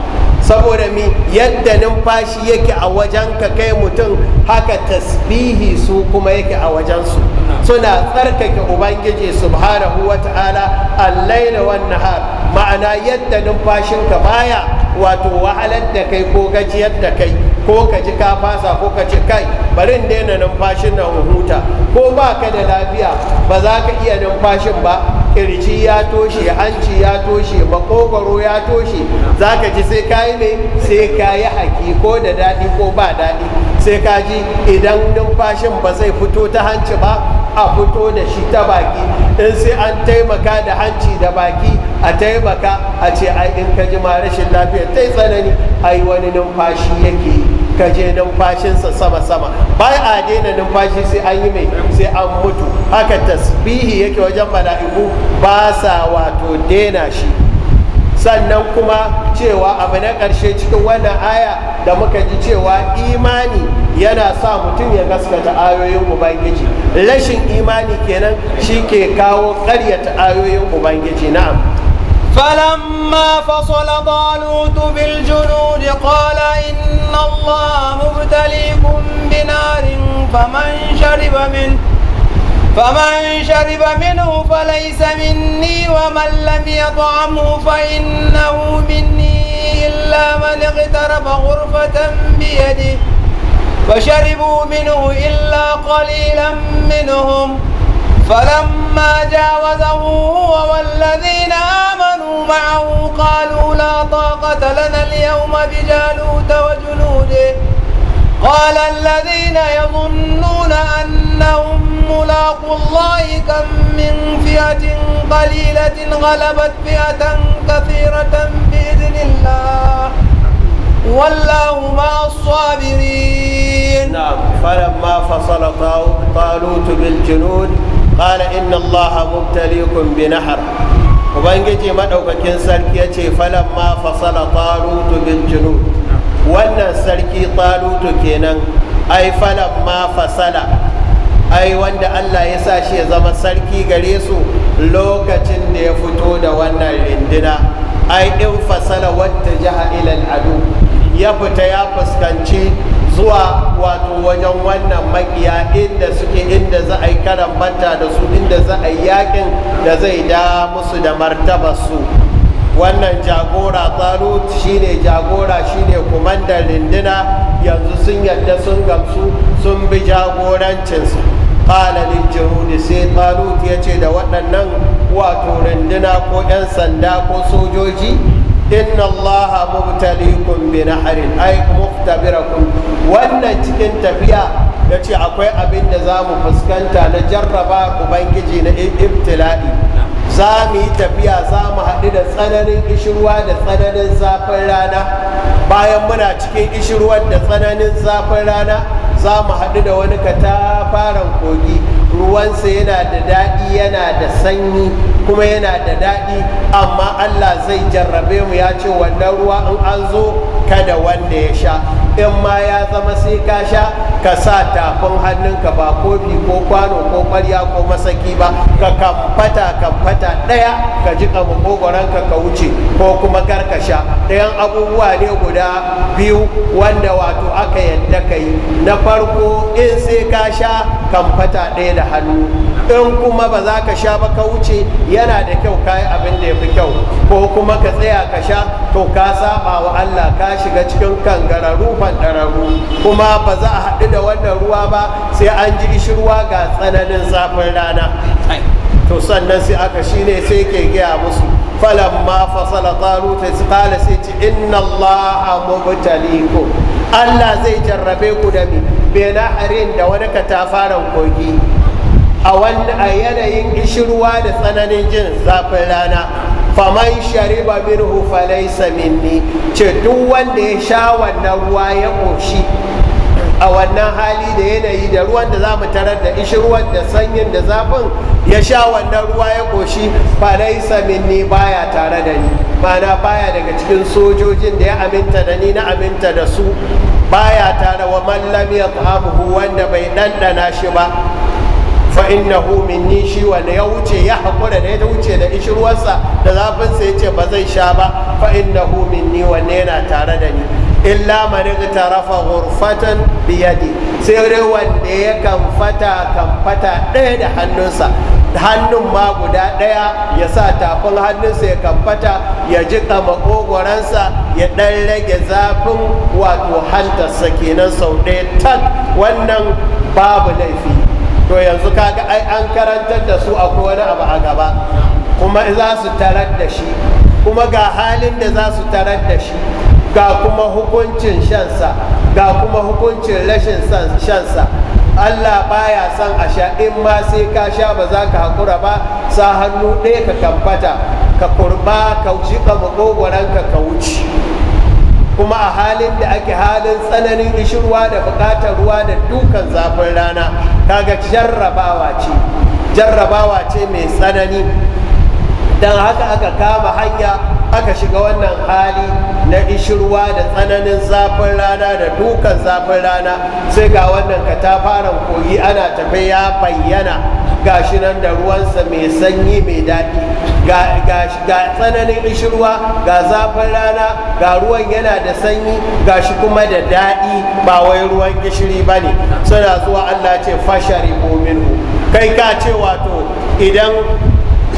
saboda mi yadda numfashi yake a wajen ka kai mutum haka tasbihi su kuma yake a wajen su suna tsarkake ubangiji subhanahu wa ta'ala allaila wan nahar ma'ana yadda numfashin ka baya wato wahalar da kai ko gajiyar da kai ko ka ji ka fasa ko ka ci kai bari in daina numfashin nan huta ko ba ka da lafiya ba za ka iya numfashin ba kirji ya toshe hanci ya toshe makogwaro ya toshe za ka ji sai kayi yi mai sai kayi yi haƙi ko da daɗi ko ba daɗi sai ka ji idan numfashin ba zai fito ta hanci ba a fito da shi ta baki in sai an taimaka da hanci da baki a taimaka a ce ai in ka ji ma rashin lafiya ta tsanani ai wani numfashi yake yi ka je numfashinsa sama-sama ba a daina numfashi sai an yi mai sai an mutu haka tasbihi yake wajen mala'iku ba sa wato daina shi sannan kuma cewa abu na ƙarshe cikin wannan aya da muka ji cewa imani yana sa mutum ya gaskata ayoyin ubangiji rashin imani kenan shi ke kawo ƙaryata ayoyin ubangiji na'am فلما فصل طالوت بالجنود قال إن الله مبتليكم بنار فمن شرب منه فمن شرب منه فليس مني ومن لم يطعمه فإنه مني إلا من اغترف غرفة بيده فشربوا منه إلا قليلا منهم فلما جاوزه هو والذين آمنوا معه قالوا لا طاقة لنا اليوم بجالوت وجنوده قال الذين يظنون أنهم ملاق الله كم من فئة قليلة غلبت فئة كثيرة بإذن الله والله مع الصابرين نعم فلما فصل طالوت بالجنود qala inna allaha mubtaliikum bi nahar ubangiji madaukakin sarki ya ce falamma fasala talutu bil junud wannan sarki talutu kenan ai falamma fasala ai wanda Allah ya sa shi ya zama sarki gare su lokacin da ya fito da wannan rindina ai ɗin fasala wata jiha ilal adu ya fita ya fuskanci zuwa wato wajen wannan makiya inda suke inda za a yi karan da su inda za a yi yakin da zai da musu da martaba su. wannan jagora tsaro shine jagora shine kumandan rindina yanzu sun yadda sun gamsu sun bi jagorancinsu ƙalalin jihudi sai talut ya ce da waɗannan wato rindina ko 'yan sanda ko sojoji inna allaha mubtalikum wannan cikin tafiya ya ce akwai abin da za mu fuskanta na jarraba ubangiji na ibtila'i za mu yi tafiya za mu haɗu da tsananin ishirwa da tsananin zafin rana bayan muna cikin ishirwar da tsananin zafin rana za mu haɗu da wani katafaren kogi ruwansa yana da daɗi yana da sanyi kuma yana da daɗi amma allah zai jarrabe mu ya ce wannan ruwa in an zo kada wanda ya sha in ma ya zama sai ka sha ka sa tafin hannunka ba kofi ko kwano ko kwarya ko masaki ba ka kamfata kamfata ɗaya ka ji makogoranka ka wuce ko kuma sha ɗayan abubuwa ne guda biyu wanda wato aka yadda ka yi na farko in sai ka sha kamfata ɗaya da hannu in kuma ba za ka sha ba ka wuce yana da kyau ka yi abin da ya fi kyau ko kuma ka tsaya ka sha to ka saba wa Allah ka shiga cikin kangararru fandararru kuma ba za a haɗu da wannan ruwa ba sai an ji ruwa ga tsananin zafin rana to sannan sai aka shine sai ke gaya musu ma fasala talut qala sai ce inna allaha mubtalikum Allah zai jarrabe ku da bi bena harin da wani katafaren kogi a wanda yanayin ishirwa da tsananin jin zafin rana faman shariba minhu hufalai saminni ce duk wanda ya sha wannan ruwa ya ƙoshi a wannan hali da yanayi da ruwan da za mu tarar da ishirwar da sanyin da zafin ya sha wannan ruwa ya ƙoshi, falaisa minni baya tare da ni mana baya daga cikin sojojin da ya aminta da ni na aminta da su baya tare wa mallam ya wanda bai ɗanɗana shi ba fa innahu minni shi wanda ya wuce ya haƙura da ya wuce da ishirwarsa da zafinsa ya ce ba zai sha ba fa innahu minni wanda yana tare da ni illa man tarafa ghurfatan biyadi sai dai wanda ya kamfata kamfata ɗaya da hannunsa hannun ma guda ɗaya ya sa tafin hannunsa ya kamfata ya ji ka makogoransa ya ɗan rage zafin wato hantarsa kenan sau ɗaya tak wannan babu laifi to yanzu kaga ai an karantar da su akwai wani abu a gaba kuma za su tarar da shi kuma ga halin da za su tarar da shi ga kuma hukuncin shansa ga kuma hukuncin rashin shansa allah baya son a sha in ma sai ka sha ba za ka haƙura ba sa hannu ɗaya ka kamfata ka kurba ka wuce ka ka wuce kuma a halin da ake halin tsananin ishirwa da bukatar ruwa da dukan zafin rana kaga jarrabawa ce jarrabawa ce mai tsanani don haka aka kama hanya aka shiga wannan hali na ishirwa da tsananin zafin rana da dukan zafin rana sai ga wannan katafaren koyi ana tafe ya bayyana gashi nan da ruwansa mai sanyi mai daɗi ga tsananin ishirwa ga zafin rana ga ruwan yana da sanyi ga shi kuma da daɗi ba wai ruwan gishiri ba ne suna zuwa allah ce fashari mu kai ka ce wato idan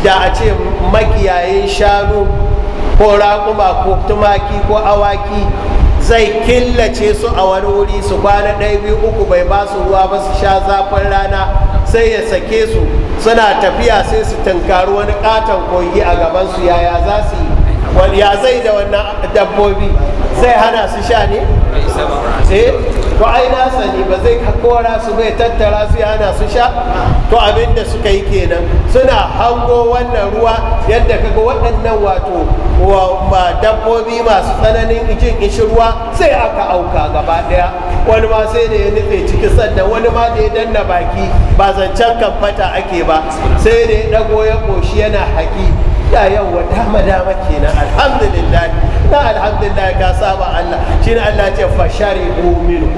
da a ce makiyayin shanu ko raƙuma ko tumaki ko awaki zai killace su a wani wuri su kwana ɗaya biyu uku bai ba su ruwa ba su sha zafin rana sai ya sake su suna tafiya sai su tunkari wani katon kogi a gabansu yaya za su yi ya zai da wannan dabbobi zai hana su sha ne? Eh, to ai na sani ba zai kora su bai tattara su hana su sha to abin da suka yi kenan suna hango wannan ruwa yadda kaga waɗannan wato wa dabbobi masu tsananin jin ishi ruwa sai aka auka gaba ɗaya wani ma sai da ya nufe ciki sanda wani ma da ya danna baki ba zancen kamfata ake ba sai da ya dago ya koshi yana haƙi ya yawa dama dama kenan alhamdulillah na alhamdulillah ka saba Allah shi ne Allah ce fashari minhu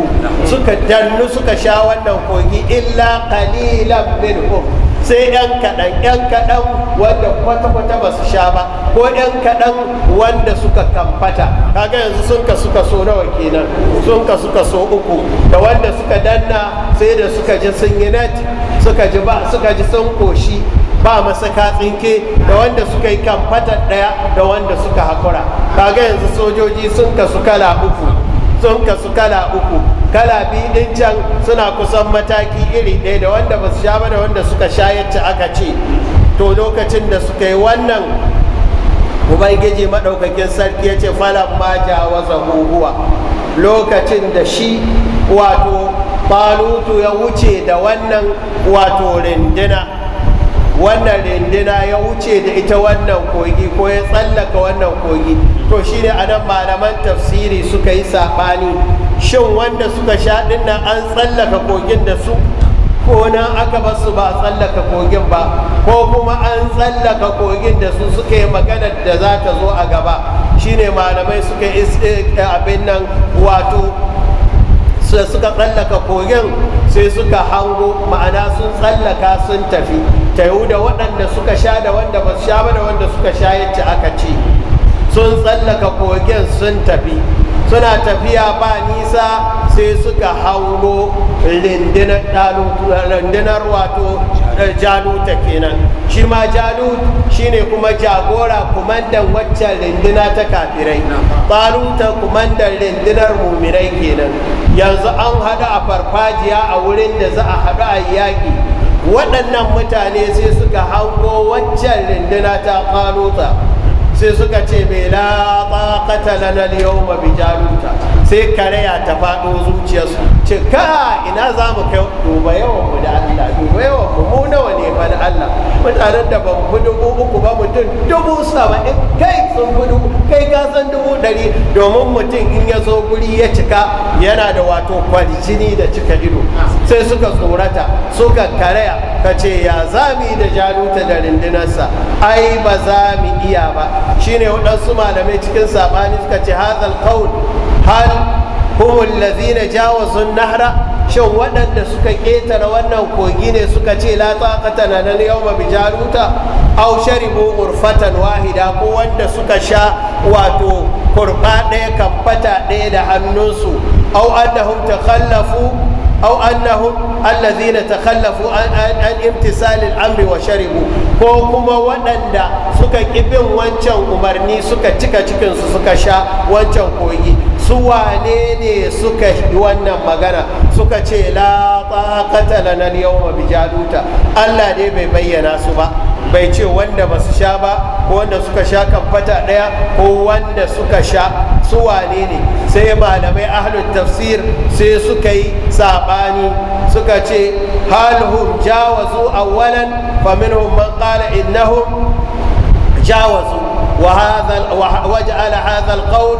suka dannu suka sha wannan kogi illa qalilan minhum sai yan kaɗan yan kaɗan wanda kwata-kwata ba su sha ba ko yan kaɗan wanda suka kamfata kaga yanzu sun ka suka so nawa kenan sun ka suka so uku da wanda suka danna sai da suka ji sun yi net suka ji ba suka ji sun koshi ba masaka tsinke da wanda suka yi kamfata ɗaya da wanda suka haƙura kaga yanzu sojoji sun ka kala uku sun kasu kala uku kala biyu din can suna kusan mataki iri ɗaya da wanda ba su sha ba da wanda suka sha yacce aka ce to lokacin da suka yi wannan ubangiji maɗaukakin sarki ya ce falan ma wasa huhuwa lokacin da shi wato falutu ya wuce da wannan wato rindina wannan rindina ya wuce da ita wannan kogi ko ya tsallaka wannan kogi to ne a nan malaman tafsiri suka yi saɓani shin wanda suka sha dinnan an tsallaka kogin da su ko nan aka ba su ba tsallaka kogin ba ko kuma an tsallaka kogin da su suka yi maganar da za ta zo a gaba shi ne malamai suka eh, abin nan wato suka tsallaka kogin sai suka hango ma'ana sun tsallaka sun tafi ta da waɗanda suka sha da wanda ba su sha ba da wanda suka sha yacce aka ce sun tsallaka kogin sun tafi suna tafiya ba nisa sai suka hango rundunar wato eh, jaluta kenan shi ma jalut shine kuma jagora kumandan waccan rinduna ta kafirai taluta kumandan rindunar mumirai kenan yanzu an haɗu a farfajiya a wurin da za a haɗu a yaƙi waɗannan mutane sai suka hango waccan rinduna ta ƙaluta sai suka ce mai la taqata lana yau yawma bi sai karaya ta faɗo zuciyarsu ce ka ina za mu kai duba yawan mu da Allah duba yawan mu mu nawa ne fa da Allah mutanen da ban fi dubu uku ba mutum dubu saba'in kai sun fi dubu kai ka san dubu ɗari domin mutum in ya zo guri ya cika yana da wato kwalcini da cika ido sai suka tsorata suka karaya ka ce ya za mu yi da jaluta da rindinarsa ai ba za mu iya ba shine waɗansu malamai cikin saɓani suka ce hazal kawul hal humul lazina jawazun nahra shin waɗanda suka ƙetare wannan kogi ne suka ce la taqata lana al-yawma bi au sharibu urfatan wahida ko wanda suka sha wato kurba ɗaya kamfata ɗaya da hannunsu au annahum takhallafu aw annahum allazina takhallafu an imtisal amri wa sharibu ko kuma waɗanda suka ƙi bin wancan umarni suka cika cikinsu suka sha wancan kogi su wane ne suka yi wannan magana suka ce la taqata lana al-yawma bi jaluta Allah ne bai bayyana su ba bai ce wanda ba su sha ba ko wanda suka sha kamfata daya ko wanda suka sha su wane ne sai malamai ahlul tafsir sai suka yi sabani suka ce halhum jawazu awwalan fa minhum man qala innahum jawazu وهذا واجعل هذا القول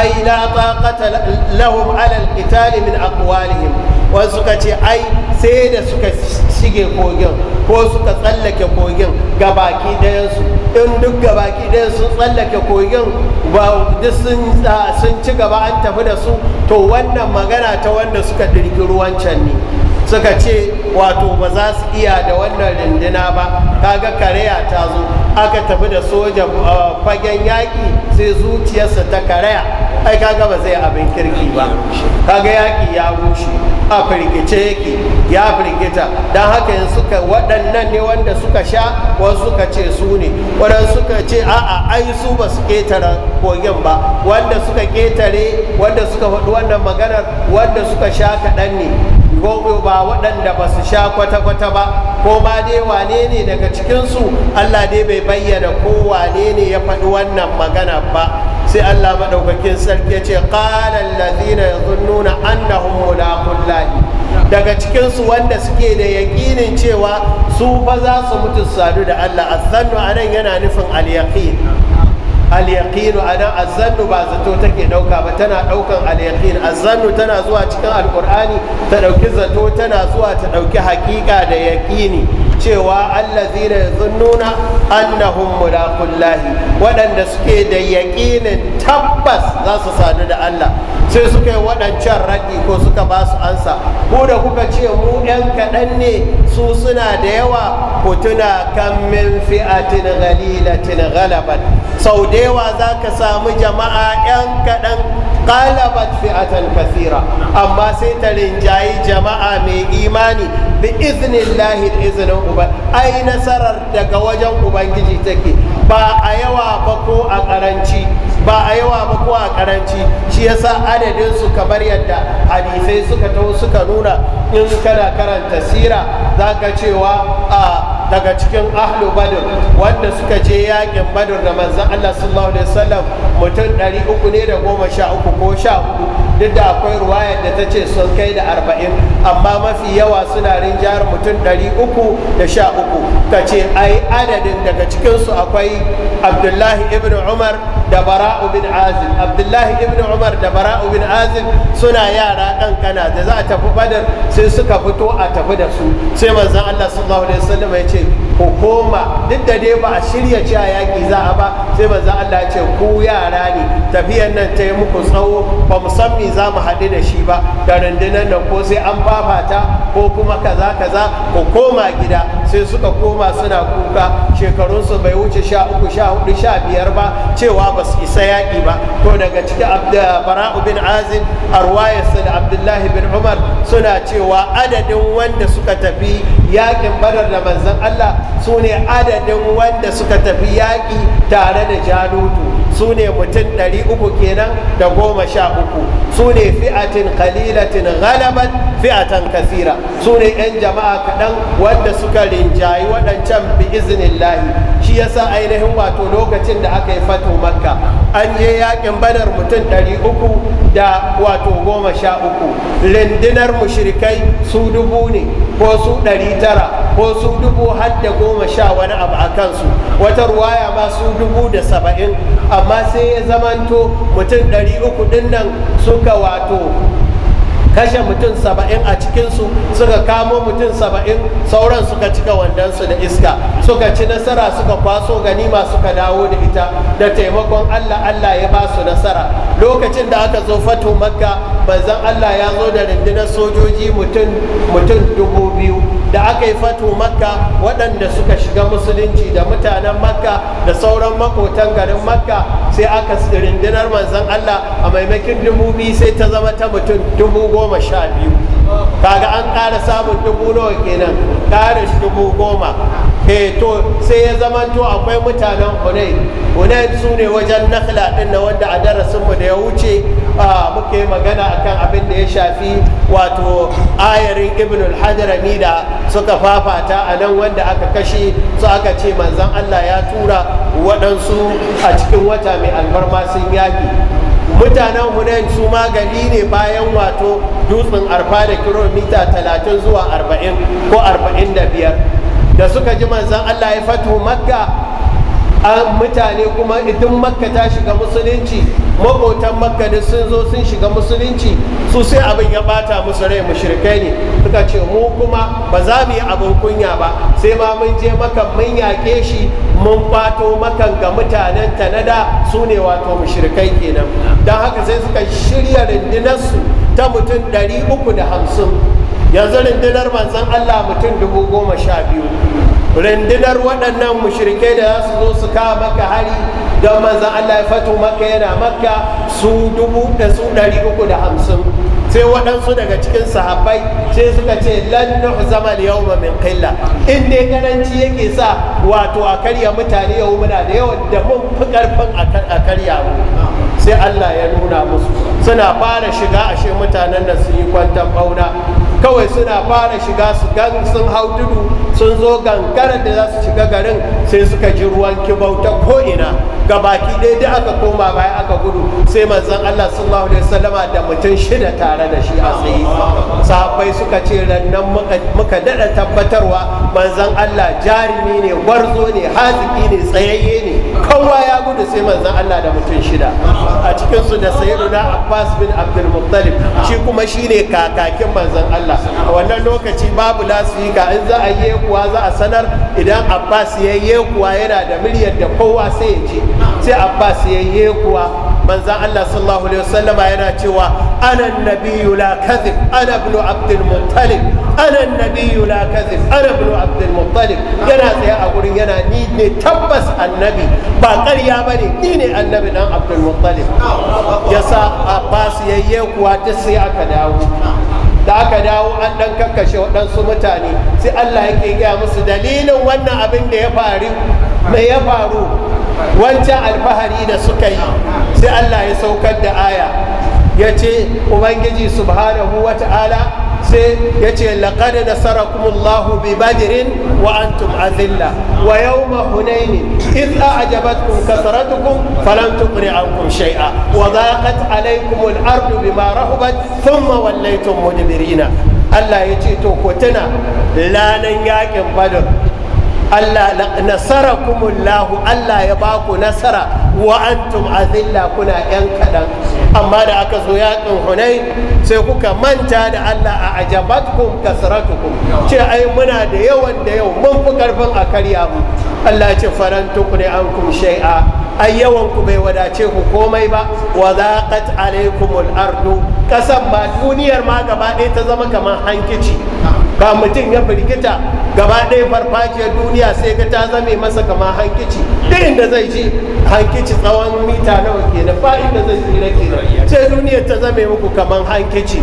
اي لا طاقه لهم على القتال من اقوالهم وسكتي اي سيده سكت شيغي كوغين كو سكا تسلك كوغين غباكي دنس ان دك غباكي دنس تسلك كوغين با دسن سن آه، تشي غبا ان تفدا سو تو wannan magana ta wanda suka ce wato ba za su iya da wannan rindina ba kaga karaya ta zo aka tafi da sojan uh, fagen yaƙi sai zuciyarsa ta karaya ai kaga ba zai abin kirki ba kaga yaƙi ya rushe a firgice yake ya firgita don haka yin suka waɗannan ne wanda suka sha wasu suka ce su ne waɗanda suka ce a'a ai su ba su ƙetare kogin ba wanda suka ƙetare wanda suka faɗi wannan maganar wanda suka sha kaɗan ne ba waɗanda ba su sha kwata-kwata ba ko ma dai wane ne daga cikinsu allah dai bai bayyana ko wane ne ya faɗi wannan magana ba sai allah maɗaukakin sarki ya ce ƙalan lazina ya zunnuna annahu mulaqun lahi daga cikinsu wanda suke da yaƙinin cewa su fa za su mutu sadu da allah a nan yana nufin al al-yaqinu ana azannu ba zato take dauka ba tana daukan al azannu tana zuwa cikin alqur'ani ta dauki zato tana zuwa ta dauki haƙiƙa da yaqini cewa allazina yazunnuna annahum mulaqullahi waɗanda suke da yaƙinin tabbas za su sadu da Allah sai suka yi waɗancan raɗi ko suka ba su ansa ko da kuka ce mu ɗan kaɗan ne su suna da yawa ku tuna kan min fi'atin ghalilatin ghalabat sau da yawa za ka samu jama'a ɗan kaɗan qalabat fi'atan kathira amma sai ta rinjayi jama'a mai imani bi iznillahi da izinin uba ai nasarar daga wajen ubangiji take ba a yawa ba ko a karanci ba a yawa ko a karanci shi adadin su kamar yadda hadisai suka taho suka nuna in kana karanta sira zaka cewa a daga cikin ahlu badr wanda suka je yakin badr da manzan Allah sallallahu alaihi wasallam mutum 300 ne da goma sha uku ko sha hudu duk da akwai ruwayar da ta ce sun kai da arba'in amma mafi yawa suna rinjar mutum ɗari uku da sha uku ta ce ai adadin daga cikinsu akwai abdullahi ibn umar da bara'u bin azim abdullahi ibn umar da bara'u bin azim suna yara kankana da za a tafi badar sai suka fito a tafi da su sai manzo allah sallallahu alaihi wasallam ya ce ku koma duk da dai ba a shirya a yaki za a ba sai manzo allah ya ce ku yara ne tafiyan nan ta yi muku tsawo ba mu san me za mu haɗu da shi ba da rundunar nan ko sai an fafata ko kuma kaza kaza ku koma gida sai suka koma suna kuka shekarunsu bai wuce sha uku sha hudu sha biyar ba cewa ba su isa yaƙi ba to daga ciki bara'u bin azin arwayarsa da abdullahi bin umar suna cewa adadin wanda suka tafi yaƙin badar da manzan allah su ne adadin wanda suka tafi yaƙi tare da jalutu su ne mutum ɗari uku kenan da goma sha uku su ne fi'atin kalilatin galaban fi'atan kasira su ne 'yan jama'a kaɗan wanda suka rinjayi waɗancan bi lahi. shi sa ainihin wato lokacin da aka yi fatu makka an je yakin badar mutum ɗari uku da wato goma sha uku rindinar mushrikai su dubu ne ko su ɗari tara ko su dubu har da goma sha wani abu a kansu wata ruwaya ma su dubu da saba'in amma sai ya zamanto mutum ɗari uku suka wato kashe mutum saba'in a cikinsu suka kamo mutum saba'in sauran suka cika wandonsu da iska suka ci nasara suka kwaso ganima suka dawo da ita da taimakon allah allah ya ba su nasara lokacin da aka zo fato makka banzan allah ya zo da rundunar sojoji mutum dubu biyu da aka yi fato makka waɗanda suka shiga musulunci da mutanen makka da sauran makotan garin makka sai aka rundunar manzan allah a maimakin dubu biyu sai ta zama ta mutum dubu goma goma sha biyu kaga an ƙara samun dubu nawa kenan ƙarin dubu goma eh to sai ya zamanto akwai mutanen hunai hunay su ne wajen nakhla ɗin na wanda a darasinmu da ya wuce muke magana akan abin da ya shafi wato ayarin ibn al da suka fafata a nan wanda aka kashe su aka ce manzon Allah ya tura waɗansu a cikin wata mai alfarma sun yaki mutanen hunain su magani ne bayan wato dutsen arfa da kilomita talatin zuwa arba'in ko arba'in da biyar da suka ji manzan allah ya fatu makka mutane kuma idan makka ta shiga musulunci makotan makka da sun zo sun shiga musulunci su sai abin ya bata musu rai mushrikai ne suka ce mu kuma ba za mu yi abin kunya ba sai ma mun je maka mun yaƙe shi mun bato makan ga mutanen tanada su ne wato mushrikai kenan don haka sai suka shirya rundunarsu ta mutum ɗari uku da hamsin. yanzu rundunar manzon allah mutum dubu goma sha biyu. rundunar waɗannan mushirikai da su zo su kawo maka hari don manzan Allah ya fato maka yana maka su dubu da su ɗari uku da hamsin sai waɗansu daga cikin sahabbai sai suka ce lan zama yau min qilla in dai garanci yake sa wato a karya mutane yau muna da yawan da mun fi karfin a karya mu sai Allah ya nuna musu suna fara shiga ashe mutanen da sun yi kwantar bauna kawai suna fara shiga su gan sun hau tudu sun zo gangaren da za su shiga garin sai suka ji ruwan kibauta ko'ina ga baki ɗaya da aka koma baya aka gudu sai manzon Allah sallallahu alaihi wasallama da mutum shida tare da shi a tsaye sahabbai suka ce rannan muka daɗa tabbatarwa manzon Allah jarumi ne gwarzo ne haziki ne tsayayye ne kowa ya gudu sai manzan Allah da mutum shida a cikinsu da na Abbas bin Abdul shi kuma shi ne kakakin manzan Allah a wannan lokaci babu lasifika in za a yi kuwa za a sanar idan Abbas ya yi kuwa yana da miliyan da kowa sai ya ce sai Abbas ya yi kuwa manzan Allah sallallahu alaihi wasallam yana cewa Anan nabiyyu la kadhib ana abdul muttalib la ana yana tsaye a gurin yana ni ne tabbas annabi ba ƙarya bane ni ne annabi dan abdul muttalib yasa abbas yayye kuwa ta sai aka dawo da aka dawo an dan kakkashe waɗansu mutane sai Allah yake gaya musu dalilin wannan abin da ya faru ya faru wancan alfahari da suka yi sai Allah ya saukar da aya ya ce ubangiji subhanahu wa ta'ala sai ya ce laƙada da sarakumullahu bi badirin wa antum azilla wa yau ma hunaini in a ajabatkum kasaratukum falan tuqri ankum shay'a wa zaqat alaykum al-ardu bima rahabat thumma wallaytum mudbirina Allah ya ce to ko tana lanan yakin badar Allah kumullahu Allah ya baku nasara wa antum azilla kuna yan kadan amma da aka zo yakin hunai sai kuka manta da Allah a ajabatkum kasratukum ce ai muna da yawan da yau mun fi karfin a karya mu Allah ce faran tukuni ankum shay'a ai yawan ku bai wadace ku komai ba wa zaqat alaikumul ardu kasan ba duniyar ma gaba ɗaya ta zama kamar hankici ba mutum ya firgita gaba ɗaya farfajiyar duniya sai ga ta zame masa kama hankici inda zai ji hankici tsawon mita nawa da fa'in inda zai tsira da sai duniya ta zame muku kaman hankici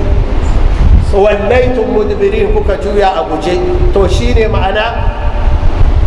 tun mudubirin kuka juya a guje to shine ma'ana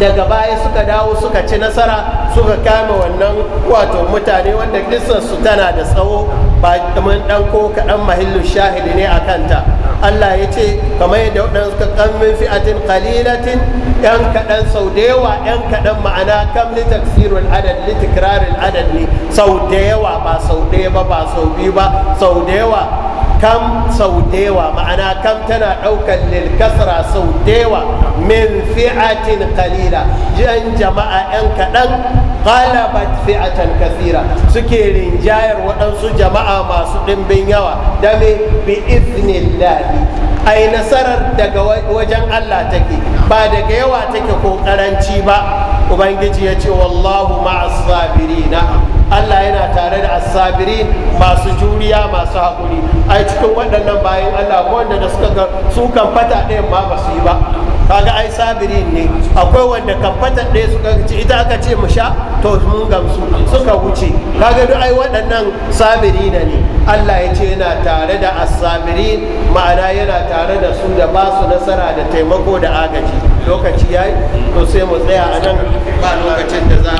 daga baya suka dawo suka ci nasara suka kama wannan wato mutane wanda su tana da tsawo ba kamar dan ko kaɗan mahillu shahidi ne a kanta allah ya ce kamar yadda waɗansu kan min fi'atin kalilatin yan kaɗan sau da yawa yan kaɗan ma'ana kam li taksirul adad li tikrarul adad ne sau da yawa ba sau da ba ba sau biyu ba sau da yawa kam sau dewa ma'ana kam tana ɗaukar lilkasra sau dewa min fi'atin kalila yan jama'a yan kaɗan galabat fi'atan kasira suke rinjayar waɗansu jama'a masu ɗimbin yawa dame bi iznillahi ai nasarar daga wajen Allah take ba daga yawa take ko karanci ba ubangiji ya ce wallahu ma'as sabirina Allah yana tare da asabiri masu juriya masu haƙuri ai cikin waɗannan bayan Allah wanda da suka ga su kan fata ɗayan ma ba su yi ba kaga ai sabiri ne akwai wanda kan fata ɗaya suka ci ita aka ce mu sha to mun gamsu suka wuce kaga duk ai waɗannan sabiri na ne Allah ya ce yana tare da asabiri ma'ana yana tare da su da ba su nasara da taimako da agaji lokaci yayi to sai mu tsaya a nan ba lokacin da za